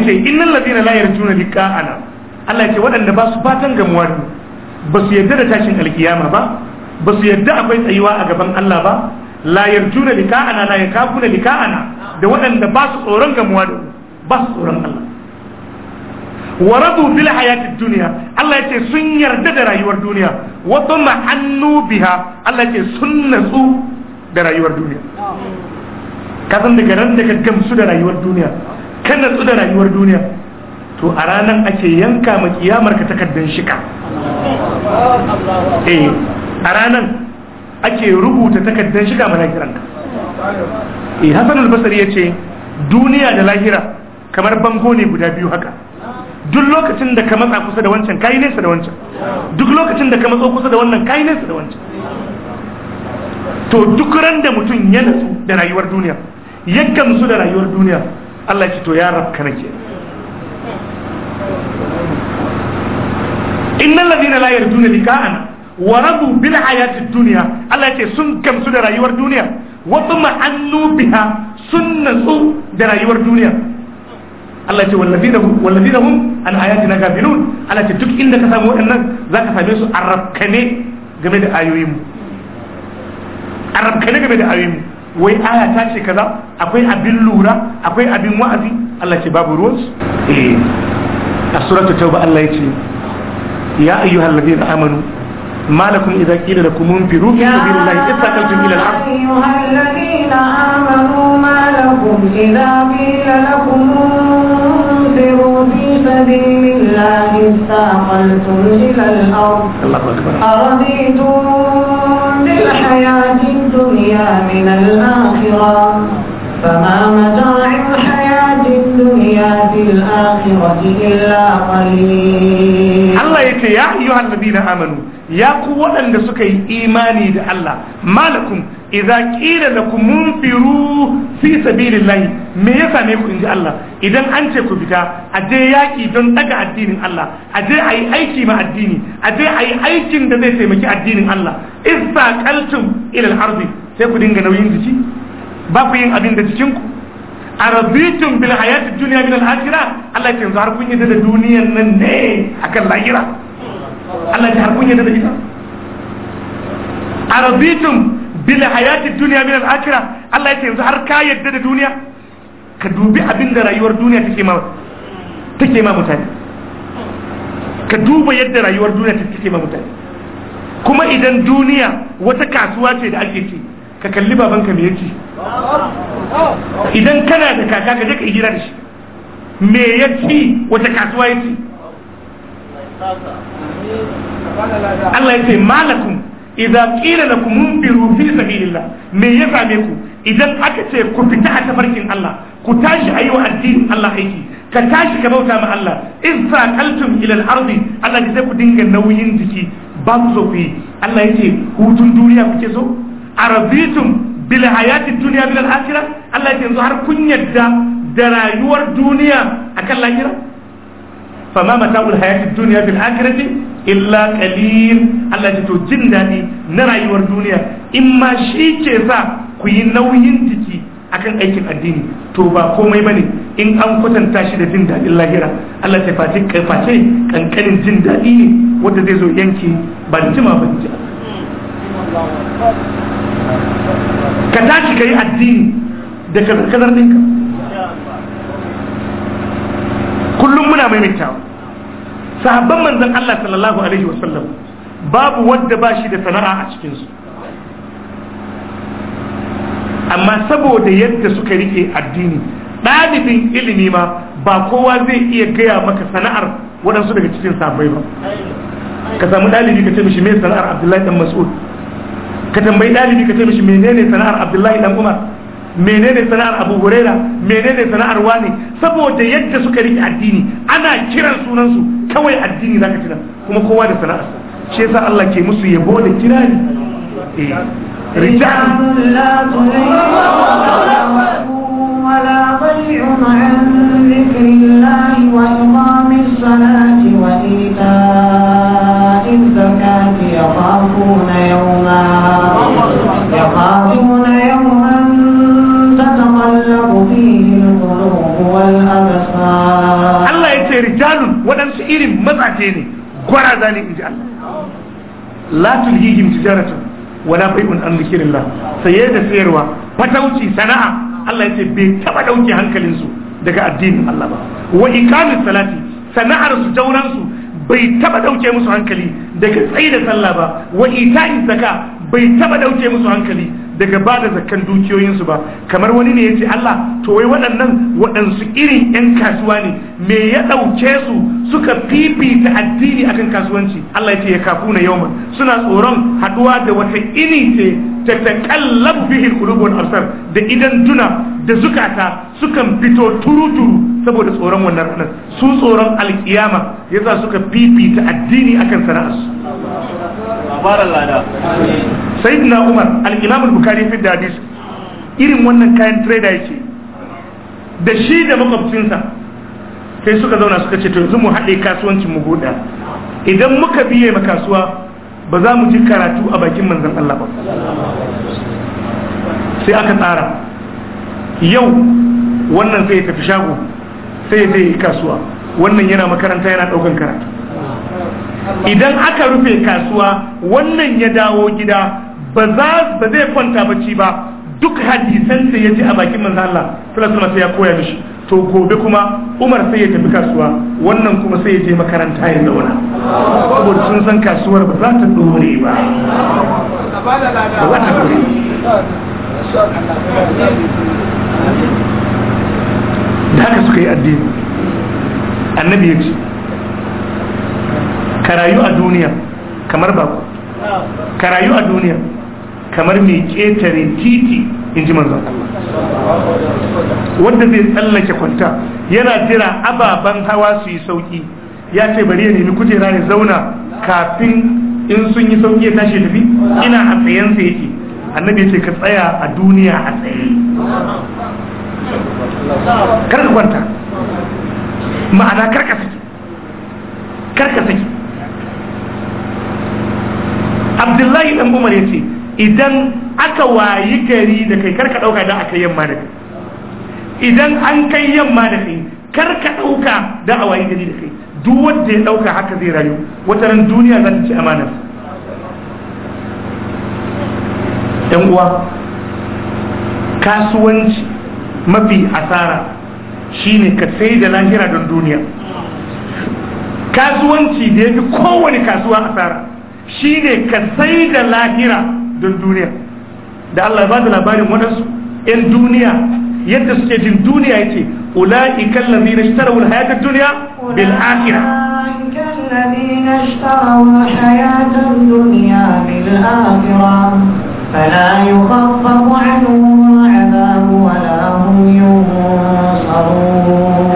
ce, Innan lazina layar tuna lika ana, Allah ya ce waɗanda ba su fatan gamuwa ne, ba su yadda da tashin alkiyama ba, ba su yadda akwai tsayuwa a gaban Allah ba, layar juna lika ana, kafuna kafu da waɗanda ba su tsoron gamuwa da ba su tsoron Allah wa radu bil hayatid dunya Allah yace sun yarda da rayuwar duniya wa thumma hannu biha Allah ce sun natsu da rayuwar duniya ka san daga ran da ka gamsu da rayuwar duniya ka natsu da rayuwar duniya to a ranar ake yanka ma kiyamar ka takaddan shika eh a ranar ake rubuta takaddan shika mana kiranka eh Hassan al-Basri yace duniya da lahira kamar bango ne guda biyu haka duk lokacin da ka matsa kusa da wancan kayi nesa da wancan duk lokacin da ka matsa kusa da wannan kayi nesa da wancan to duk ran da mutum ya nutsu da rayuwar duniya ya gamsu da rayuwar duniya Allah ki to ya rabka nake innal ladina la yarjuna liqa'ana wa radu bil hayati dunya Allah ce sun gamsu da rayuwar duniya wa tuma annu biha sun nutsu da rayuwar duniya Allah ce wallazina wallazina hum an ayatina gafilun Allah ce duk inda ka samu waɗannan zaka same su arabkane game da ayoyin mu arabkane game da ayoyin mu wai aya ta ce kaza akwai abin lura akwai abin wa'azi Allah ce babu ruwan su eh a suratul tauba Allah ya ce ya ayyuhal ladina amanu ما لكم إذا قيل لكم انفروا في سبيل الله اتقلتم إلى الأرض يا أيها الذين آمنوا ما لكم إذا قيل لكم انفروا في سبيل الله استقلتم إلى الأرض الله أكبر أرضيتم بالحياة الدنيا من الآخرة فما متاع الحياة الدنيا في الآخرة إلا قليل الله يا أيها الذين آمنوا ya ku waɗanda suka yi imani da Allah malakum idza qila lakum munfiru fi sabilillah me ya same ku inji Allah idan an ce ku fita a je yaki don daga addinin Allah a je ayi aiki ma addini a je ayi aikin da zai taimaki addinin Allah izza qaltum ila al-ardi sai ku dinga nauyin jiki ba ku yin abin da cikin ku arabitum bil hayati dunya min al-akhirah Allah ya yanzu har kun yi da duniyan nan ne akan lahira Allah ya harkun yadda da ita arabitum bil hayati dunya min al akhirah Allah ya ce yanzu har ka yadda da duniya ka dubi abin da rayuwar duniya take ma take ma mutane ka duba yadda rayuwar duniya take ma mutane kuma idan duniya wata kasuwa ce da ake ci ka kalli babanka me yake idan kana da kaka ka je ka hira da shi me ya ci wata kasuwa ya ci Allah ya ce malakum idza qila lakum munfiru fi sabilillah me ya same ku idan aka ce ku fita a tafarkin Allah ku tashi ayi wa addinin Allah aiki ka tashi ka bauta ma Allah in saqaltum ila al-ardi Allah ya sai ku dinga nauyin jiki ba ku so ku yi Allah yake hutun duniya kuke so arabitum bil hayati dunya bil akhirah Allah yake yanzu har kun yadda da rayuwar duniya akan lahira fama mata'ul hayatid dunya fil akhirati illa qalil Allah ya to jin daɗi na rayuwar duniya in ma shi ke sa ku yi nauyin jiki akan aikin addini to ba komai bane in an kwatanta shi da jin dadin lahira Allah ta face face kankanin jin dadi ne wanda zai zo yanke ban jima ban ji ka tashi kai addini da kadar ɗinka kullum muna maimaitawa sahabban manzon Allah sallallahu alaihi wasallam babu wanda ba shi da sana'a a cikinsu amma saboda yadda suka rike addini ɗalibin ilimi ma ba kowa zai iya gaya maka sana'ar waɗansu daga cikin sahabbai ba ka samu ɗalibi ka ce mishi me sana'ar abdullahi dan mas'ud ka tambayi ɗalibi ka ce mishi menene sana'ar abdullahi dan umar menene sana'ar abu huraira menene sana'ar wani saboda yadda suka rike addini ana kiran sunansu kawai addini zaka tuna kuma kowa da sa shi yasa Allah ke musu yabo da kirani eh رجال لا irin matsace ne gwaraza ne inji Allah la tulhihim tijaratun wala bai'un an dhikrillah saye da sayarwa fatauci sana'a Allah yace bai taba dauke hankalin su daga addinin Allah ba wa iqamis salati sana'ar su jauran su bai taba dauke musu hankali daga tsayi da sallah ba wa ita'i zakka bai taba dauke musu hankali daga ba da zakan dukiyoyinsu ba kamar wani ne ya ce Allah to wai waɗannan waɗansu irin 'yan kasuwa ne me ya ɗauke su suka fifita addini akan kasuwanci Allah ya ce ya kafu na yau suna tsoron haɗuwa da wata iri ce ta bihin kulubun arsar da idan duna da zukata sukan fito turuturu saboda tsoron wannan ranar su tsoron alkiyama yasa suka fifita addini akan sana'arsu. Labaran lada. sayyidina umar al-imam al-bukhari fi hadis irin wannan kayan trader yake da shi da makwabcinsa sai suka zauna suka ce to yanzu mu haɗe kasuwancin mu goda idan muka biye ma kasuwa ba za mu ji karatu a bakin manzon Allah ba sai aka tsara yau wannan sai ya tafi shago sai ya yi kasuwa wannan yana makaranta yana ɗaukan karatu idan aka rufe kasuwa wannan ya dawo gida ba za ba zai kwanta bacci ba duk hadisan da ya ji a bakin manzo Allah sallallahu alaihi ya koya mishi to gobe kuma Umar sai ya tafi kasuwa wannan kuma sai ya je makaranta ya zauna saboda sun san kasuwar ba za ta dore ba ba ta dore da haka suka yi addini annabi ya ce Karayu a duniya kamar ba ku karayu a duniya kamar mai ƙetare titi in ji manzan Allah wanda zai tsallake kwanta yana jira ababen hawa su yi sauki ya ce bari ya nemi kujera ya zauna kafin in sun yi sauki ya tashi tafi ina a sa yake annabi ya ce ka tsaya a duniya a tsaye karka kwanta ma'ana karka saki karka saki abdullahi dan umar ya ce idan aka wayi gari da kai karka dauka da aka yamma da kai idan an kai yamma da kai karka dauka da a wayi gari da kai duk wanda ya dauka haka zai rayu wata ran duniya za ta ci amanar yan uwa kasuwanci mafi asara shine ka sai da lahira don duniya kasuwanci da ya fi kowane kasuwa asara shine ka sai da lahira don duniya da Allah ba bada labarin waɗansu 'yan duniya yadda suke jin duniya ya ce ula'i kallabi na shitara wul hayatar duniya bil akira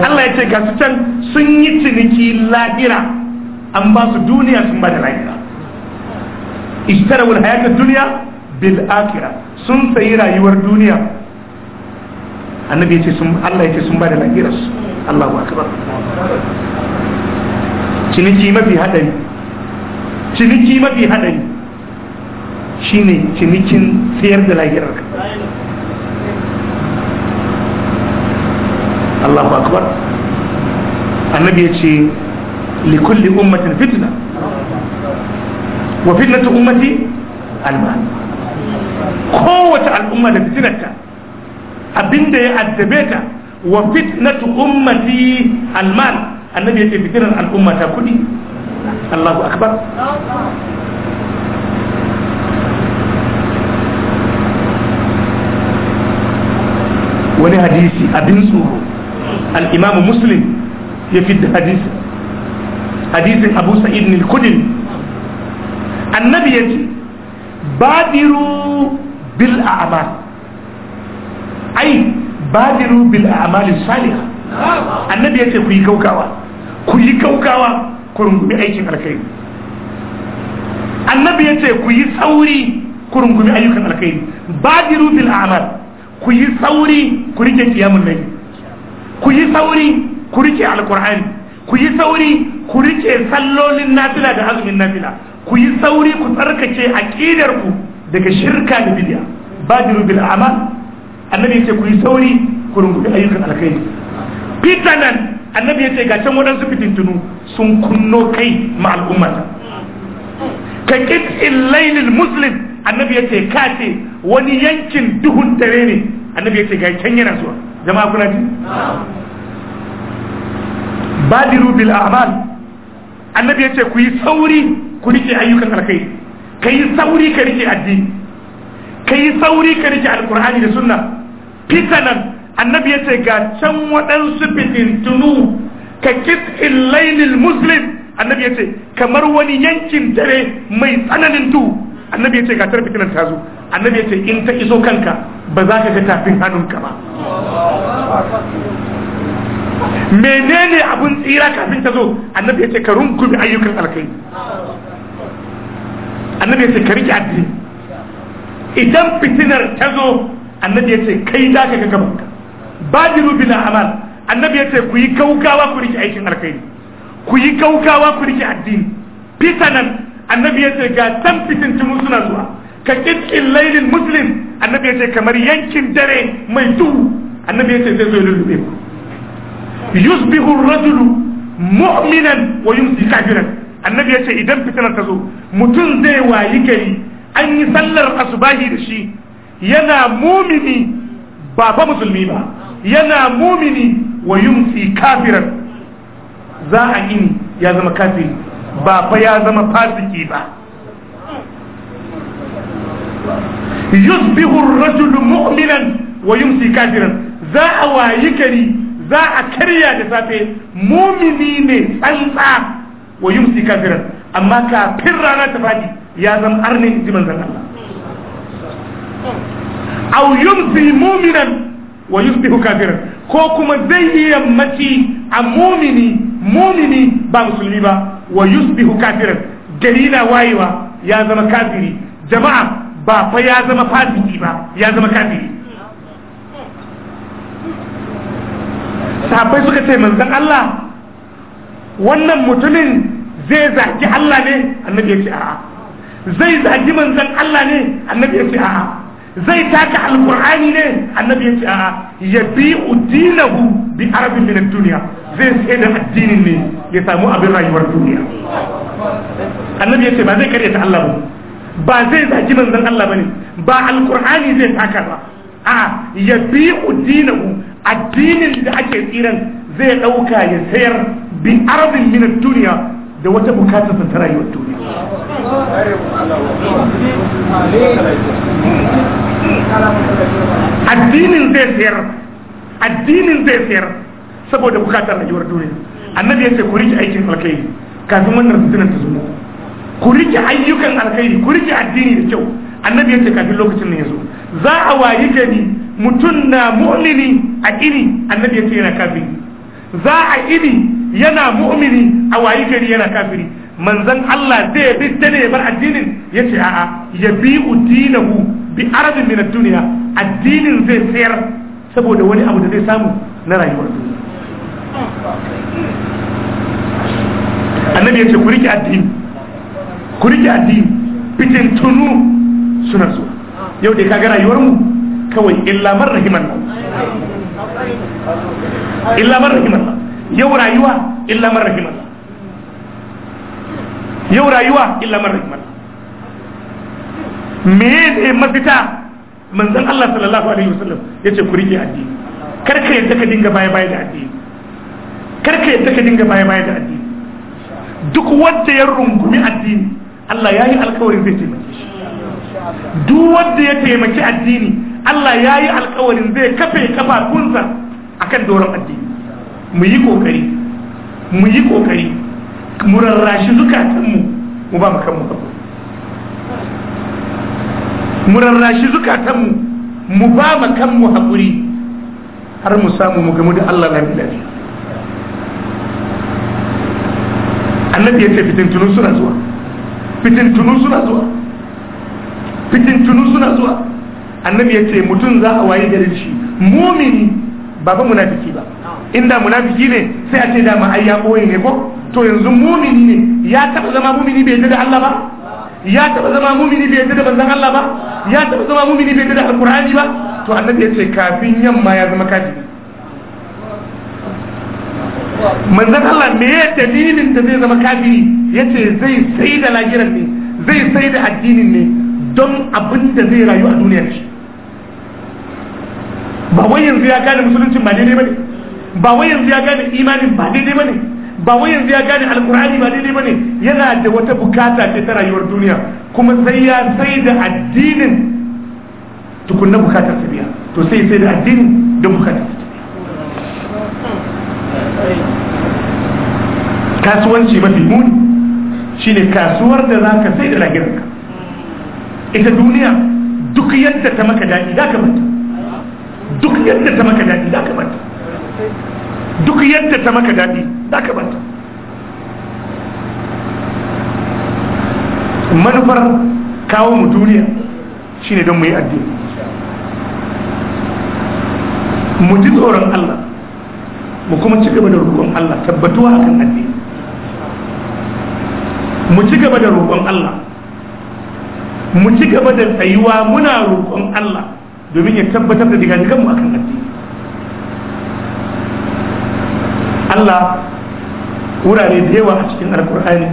Allah ya ce gasu can sun yi ciniki lahira an ba su duniya sun ba da lahira ishtarawul hayatud duniya bil akhirah sun sayi rayuwar duniya annabi yace sun Allah yace sun bada lahirar Allahu akbar ciniki mafi hadari ciniki mafi hadari shine cinikin sayar da lahirar Allahu akbar annabi yace likulli ummatin fitna wa fitnatu ummati alma kowace al'umma da fitinarta abinda ya addabe ta wa fitnatu ummati almal annabi yace fitinar al'umma ta kudi Allahu akbar wani hadisi abin tsoro al-imam muslim ya fi hadisi hadisin abu sa'id al-khudri annabi ya ce badiru bil a'mal ai badiru bil a'mal salihah annabi ya ce ku yi kaukawa ku yi kaukawa ku rungumi aikin alkhairi annabi ya ce ku yi sauri ku rungumi ayyukan alkhairi badiru bil a'mal ku yi sauri ku rike kiyamun nabi ku yi sauri ku rike alkur'ani ku yi sauri ku rike sallolin nafila da azumin nafila ku yi sauri ku tsarkake aqidar ku daga shirka da bid'a badiru bil a'mal annabi yace ku yi sauri ku rungume ayyukan alkhairi fitanan annabi yace ga can wadansu fitintunu sun kunno kai ma al'ummata ka qit'il laylil muslim annabi yace kace wani yankin duhun dare ne annabi yace ga can yana zuwa jama'a kuna ji badiru bil a'mal annabi ya ce ku yi sauri ku rike ayyukan alkhairi ka yi sauri ka rike addini ka yi sauri ka rike alkur'ani da sunna fitanan annabi ya ce ga can waɗansu fitintunu ka kiskin lailil muslim annabi ya ce kamar wani yankin dare mai tsananin duhu annabi ya ce ga tar fitinan ta zo annabi ya ce in ta iso kanka ba za ka ga tafin hannunka ba menene abun tsira kafin ta zo annabi ya ce ka rungumi ayyukan alkai annabi ya ce ka rike addini idan fitinar ta zo annabi ya ce kai za ka ba gabanka badiru na amal annabi ya ce ku yi gaugawa ku rike aikin alkai ku yi gaugawa ku rike addini fitanan annabi ya ce ga tan fitintunu suna zuwa ka kitkin lailin muslim annabi ya ce kamar yankin dare mai duhu annabi ya ce zai zo lulluɓe ku yusbihu ar-rajulu mu'minan wa yumsi idan fitinar ta zo mutum zai wayi sallar asubahi da shi yana a ini ya zama zama fasiki ba mu'minan za a wayi za a karya da safe mumini ne tsantsa wa musu kafiran amma kafin rana ta fadi ya zama arni ji manzan Allah aw yumsi muminan wa yusbihu kafiran ko kuma zai iya yammaci a mumini mumini ba musulmi ba wa yusbihu kafiran dalila wayewa ya zama kafiri jama'a ba fa ya zama fasiki ba ya zama kafiri sahabbai suka ce manzon Allah wannan mutumin zai zaki Allah ne annabi ya ce a'a zai zaki manzon Allah ne annabi ya ce a'a zai taka alqur'ani ne annabi ya ce a'a yabi udinahu bi arabin min ad-dunya zai sai da addinin ne ya samu abin rayuwar duniya annabi ya ce ba zai karyata Allah ba ba zai zaki manzon Allah bane ba alqur'ani zai taka ba a'a yabi udinahu addinin da ake tsiran zai ɗauka ya sayar bi arabin minar duniya da wata bukatar ta rayuwar duniya addinin zai sayar addinin zai sayar saboda bukatar rayuwar duniya annabi ya ce ku rike aikin alkhairi kafin wannan rundunar ta zumo ku rike ayyukan alkhairi ku rike addini da kyau annabi ya ce kafin lokacin ne ya zo za a wayi gani mutum na mu'mini a ini annabi ya ce yana kafiri za a ini yana mu'mini a wayi gari yana kafiri manzon Allah zai bi ta ne bar addinin ya ce a'a ya bi udinahu bi arabin min duniya addinin zai sayar saboda wani abu da zai samu na rayuwar duniya annabi ya ce ku rike addini ku rike addini fitin tunu suna so yau da kaga rayuwar mu kawai illa man rahiman nan illa man rahiman nan yau rayuwa illa man rahiman nan yau rayuwa illa man rahiman me ne mafita manzon Allah sallallahu alaihi wasallam yace ku rike addini karka yadda ka dinga baya baya da addini karka yadda ka dinga baya baya da addini duk wanda ya rungumi addini Allah ya yi alkawarin zai taimake shi duk wanda ya taimaki addini Allah ya yi alkawarin zai kafe kafafunsa kan doron addini mu yi kokari mu yi kokari mu rarrashi zukatanmu mu ba mu kanmu mu rarrashi zukatanmu mu ba mu kanmu hakuri har mu samu mu gamu da Allah lafi lafiya annabi ya ce fitintunu suna zuwa fitintunu suna zuwa fitintunu suna zuwa annabi ya ce mutum za a waye garin shi mumini ba ba munafiki ba inda munafiki ne sai a ce dama ai ya koyi ne ko to yanzu mumini ne ya taba zama mumini bai da Allah ba ya taba zama mumini bai da manzon Allah ba ya taba zama mumini bai da alqur'ani ba to annabi ya ce kafin yamma ya zama kafiri manzon Allah me ya dalilin da zai zama kafiri yace zai sai da lahirar ne zai sai da addinin ne don abin da zai rayu a duniyar shi ba wai yanzu ya gane musuluncin ba daidai bane ba wai yanzu ya gane imanin ba daidai bane ba wai yanzu ya gane alkur'ani ba daidai bane yana da wata bukata ce ta rayuwar duniya kuma sai ya sai da addinin tukunna bukatar ta biya to sai sai da addinin da bukatar ta kasuwanci mafi muni shine kasuwar da za ka sai da lagirka ita duniya duk yadda ta maka daɗi zaka ka mata duk yadda ta maka daɗi za ka duk yadda ta maka daɗi za ka manufar kawo mu duniya shine don mu yi addini mu ji tsoron Allah mu kuma ci gaba da roƙon Allah tabbatuwa akan addini mu ci gaba da roƙon Allah mu ci gaba da tsayuwa muna roƙon Allah domin ya tabbatar da diga-diga mu akan addini Allah wurare da yawa a cikin alkur'ani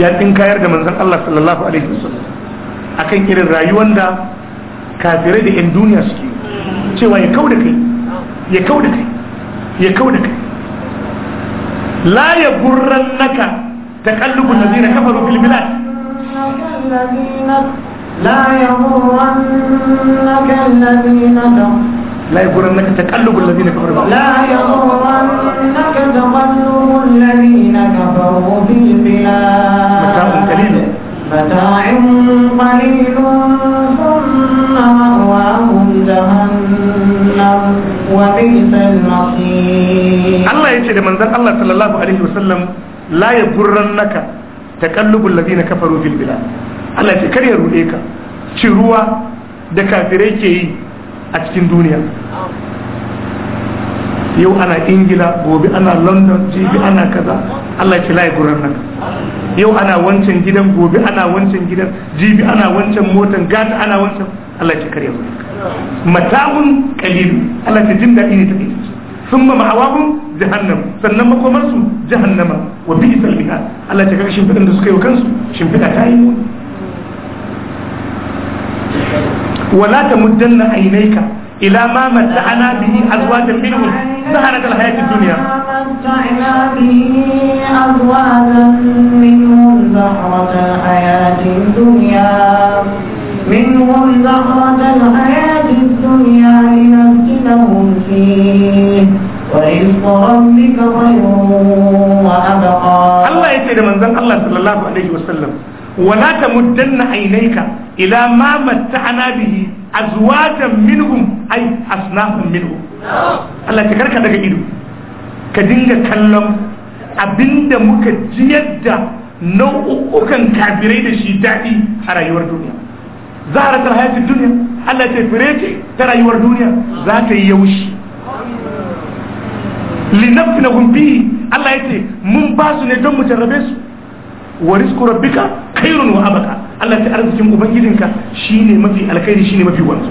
ya kayar da manzon Allah sallallahu alaihi wasallam akan irin rayuwar da kafirai da 'yan duniya suke cewa ya kau kai ya kau kai ya kau kai la ya burran naka ta kallubun kafaru zai na لا يغرنك الذين لا يغرنك تقلب الذين كفروا لا يغرنك تقلب الذين كفروا في البلاد متاع قليل متاع قليل ثم مأواهم جهنم وبئس المصير الله يجعل من ذا الله صلى الله عليه وسلم لا يغرنك تقلب الذين كفروا في البلاد Allah ce kar ya ruɗe ka ci ruwa da kafirai ke yi a cikin duniya yau ana ingila gobe ana london jibi ana kaza Allah ce layi gurar nan yau ana wancan gidan gobe ana wancan gidan jibi ana wancan motan gata ana wancan Allah ce kar ya ruɗe ka mata'un kalilu Allah ce jin daɗi ne ta kai ثم makomarsu جهنم wa مكومرسو جهنم وبئس المهاد الله تكاك شنفدن da suka yi wa kansu shimfiɗa ta yi muni ولا تمدن عينيك إلى ما متعنا به أزواجا منهم سهرة الحياة الدنيا متعنا به أزواجا منهم زهرة الحياة الدنيا منهم زهرة الحياة الدنيا لنفتنهم فيه ورزق ربك خير وأبقى الله يسير من ذنب الله صلى الله عليه وسلم wala tamuddanna aynayka ila ma matta'ana bihi azwajan minhum ay asnafun minhum Allah ta daga ido ka dinga kallon abinda muka ji yadda nau'ukan kafirai da shi daɗi a rayuwar duniya zaharatar hayatin duniya Allah ta fire ce ta rayuwar duniya za ta yi yaushi linafina bihi Allah ya ce mun ba su ne don mu jarrabe su ورزق ربك خير وابقى الله تعرض في مبيدنك شيني ما في الخير شيني ما في وانس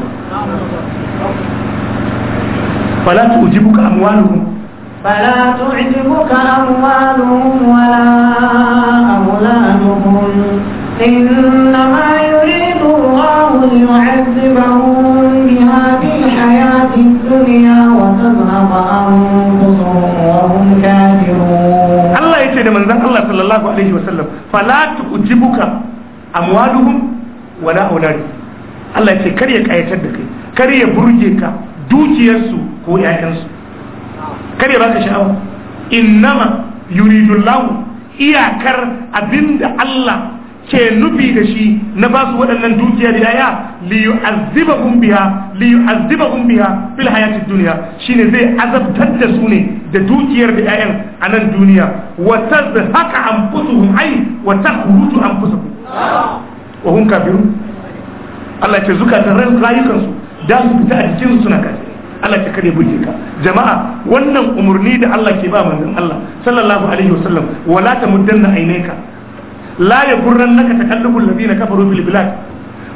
فلا تعجبك أموالهم فلا تعجبك أموالهم ولا أولادهم إنما يريد الله ليعذبهم بها في الحياة الدنيا وتذهب أنفسهم وهم كافرون yace da manzan Allah sallallahu alaihi wasallam fala tu'jibuka amwaluhum wala auladu Allah ce kar ya kayatar da kai kar ya burge ka dukiyarsu ko ƴaƴansu kar ya baka sha'awa innama yuridullahu iyakar abinda Allah ke nufi da shi na ba su waɗannan dukiya da yaya li yu'azzibahum biha li yu'azzibahum biha fil hayatid dunya shine zai azabtar da su ne da dukiyar da yayan a nan duniya wa tazhaqa anfusuhum ay wa takhruju anfusuhum wa hum kafirun Allah ya ce zukatan rayukan su da su fita a cikin suna kafi Allah ta kare buke ka jama'a wannan umurni da Allah ke ba manzon Allah sallallahu alaihi wasallam wala tamuddanna ainaka la yagurrannaka takallubul ladina kafaru bil bilad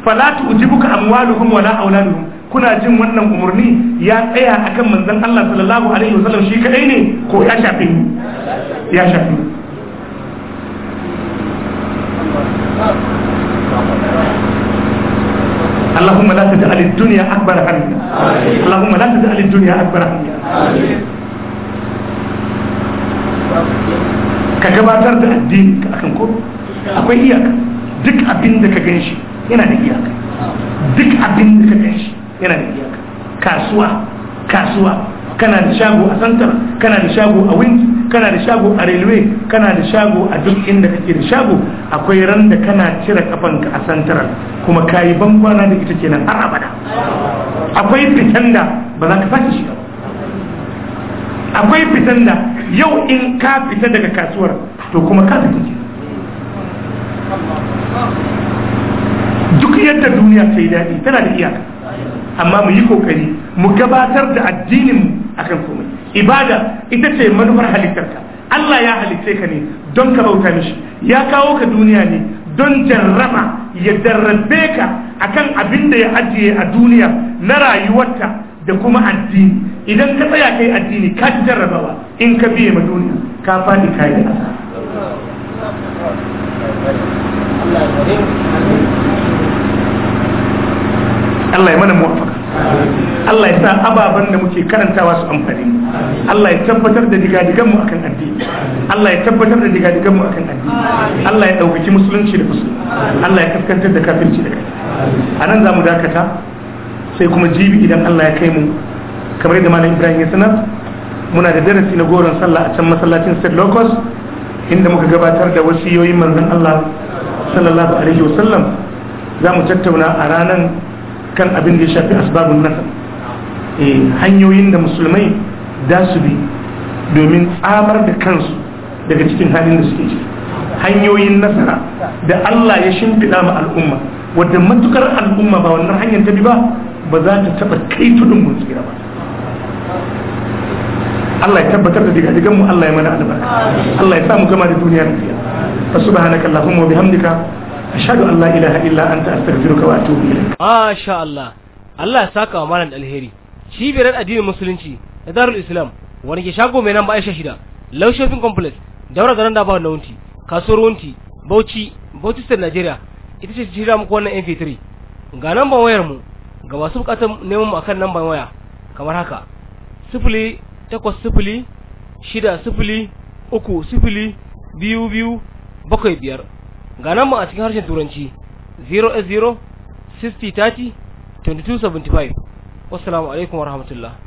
fala tu'jibuka amwaluhum wala auladuhum kuna jin wannan umarni ya tsaya akan manzon Allah sallallahu alaihi wasallam shi kadai ne ko ya shafi ya shafi اللهم لا تجعل الدنيا أكبر همنا اللهم لا تجعل الدنيا أكبر همنا كجبات الدين akan ko. akwai iyaka duk abin da ka gan shi yana da iyaka duk abin da ka gan shi yana da iyaka kasuwa kasuwa kana da shago a santar kana da shago a wind kana da shago a railway kana da shago a duk inda kake da shago akwai ran da kana cire kafanka a santar kuma kayi bangwana da ita kenan har abada akwai fitan da ba za ka sake shiga akwai fitan da yau in ka fita daga kasuwar to kuma ka fita duk yadda duniya ta yi daɗi tana da iyaka amma mu yi kokari mu gabatar da addinin akan komai ibada ita ce manufar halittarka Allah ya halitta ka ne don ka bauta mishi ya kawo ka duniya ne don jarraba ya darrabe ka akan abin da ya ajiye a duniya na rayuwarta da kuma addini idan ka tsaya kai addini ka ci jarrabawa in ka biye ma duniya ka faɗi kayan Allah ya mana muwafaka Allah ya sa ababen da muke karantawa su amfani Allah ya tabbatar da digadigan mu akan addini Allah ya tabbatar da digadigan mu akan addini Allah ya ɗaukaki musulunci da musulmi Allah ya kaskantar da kafirci da kai a nan za mu dakata sai kuma jibi idan Allah ya kai mu kamar yadda malam Ibrahim ya sanar muna da darasi na goron sallah a can masallacin St. Locust inda muka gabatar da wasiyoyin manzon Allah sallallahu alaihi wa sallam za mu tattauna a ranar kan abin da ya shafi asbabun nasar, eh, hanyoyin da musulmai da su bi domin tsamar da kansu daga cikin halin da suke ciki hanyoyin nasara da Allah ya shimfiɗa ma al'umma wadda matukar al'umma ba wannan hanyar ta bi ba ba za ta taɓa kai tudun mun tsira ba Allah ya tabbatar da diga diganmu Allah ya mana albarka Allah ya sa mu gama da duniya lafiya fa subhanaka allahumma wa bihamdika ashhadu an la ilaha illa anta astaghfiruka wa atubu ilaik sha Allah Allah ya saka wa malam alheri cibiyar addinin musulunci da darul islam wani ke shago mai nan ba aisha shida law shopping complex daura garan da ba na wunti kasuwar wunti bauchi bauchi state nigeria ita ce shirya muku wannan mp3 ga namban wayar mu ga masu bukatar neman mu akan namban waya kamar haka sifili takwas sifili shida sifili uku sifili biyu biyu bakwai biyar ga nan mu a cikin harshen turanci 080 60 30 75 wassalamu alaikum warahmatullahi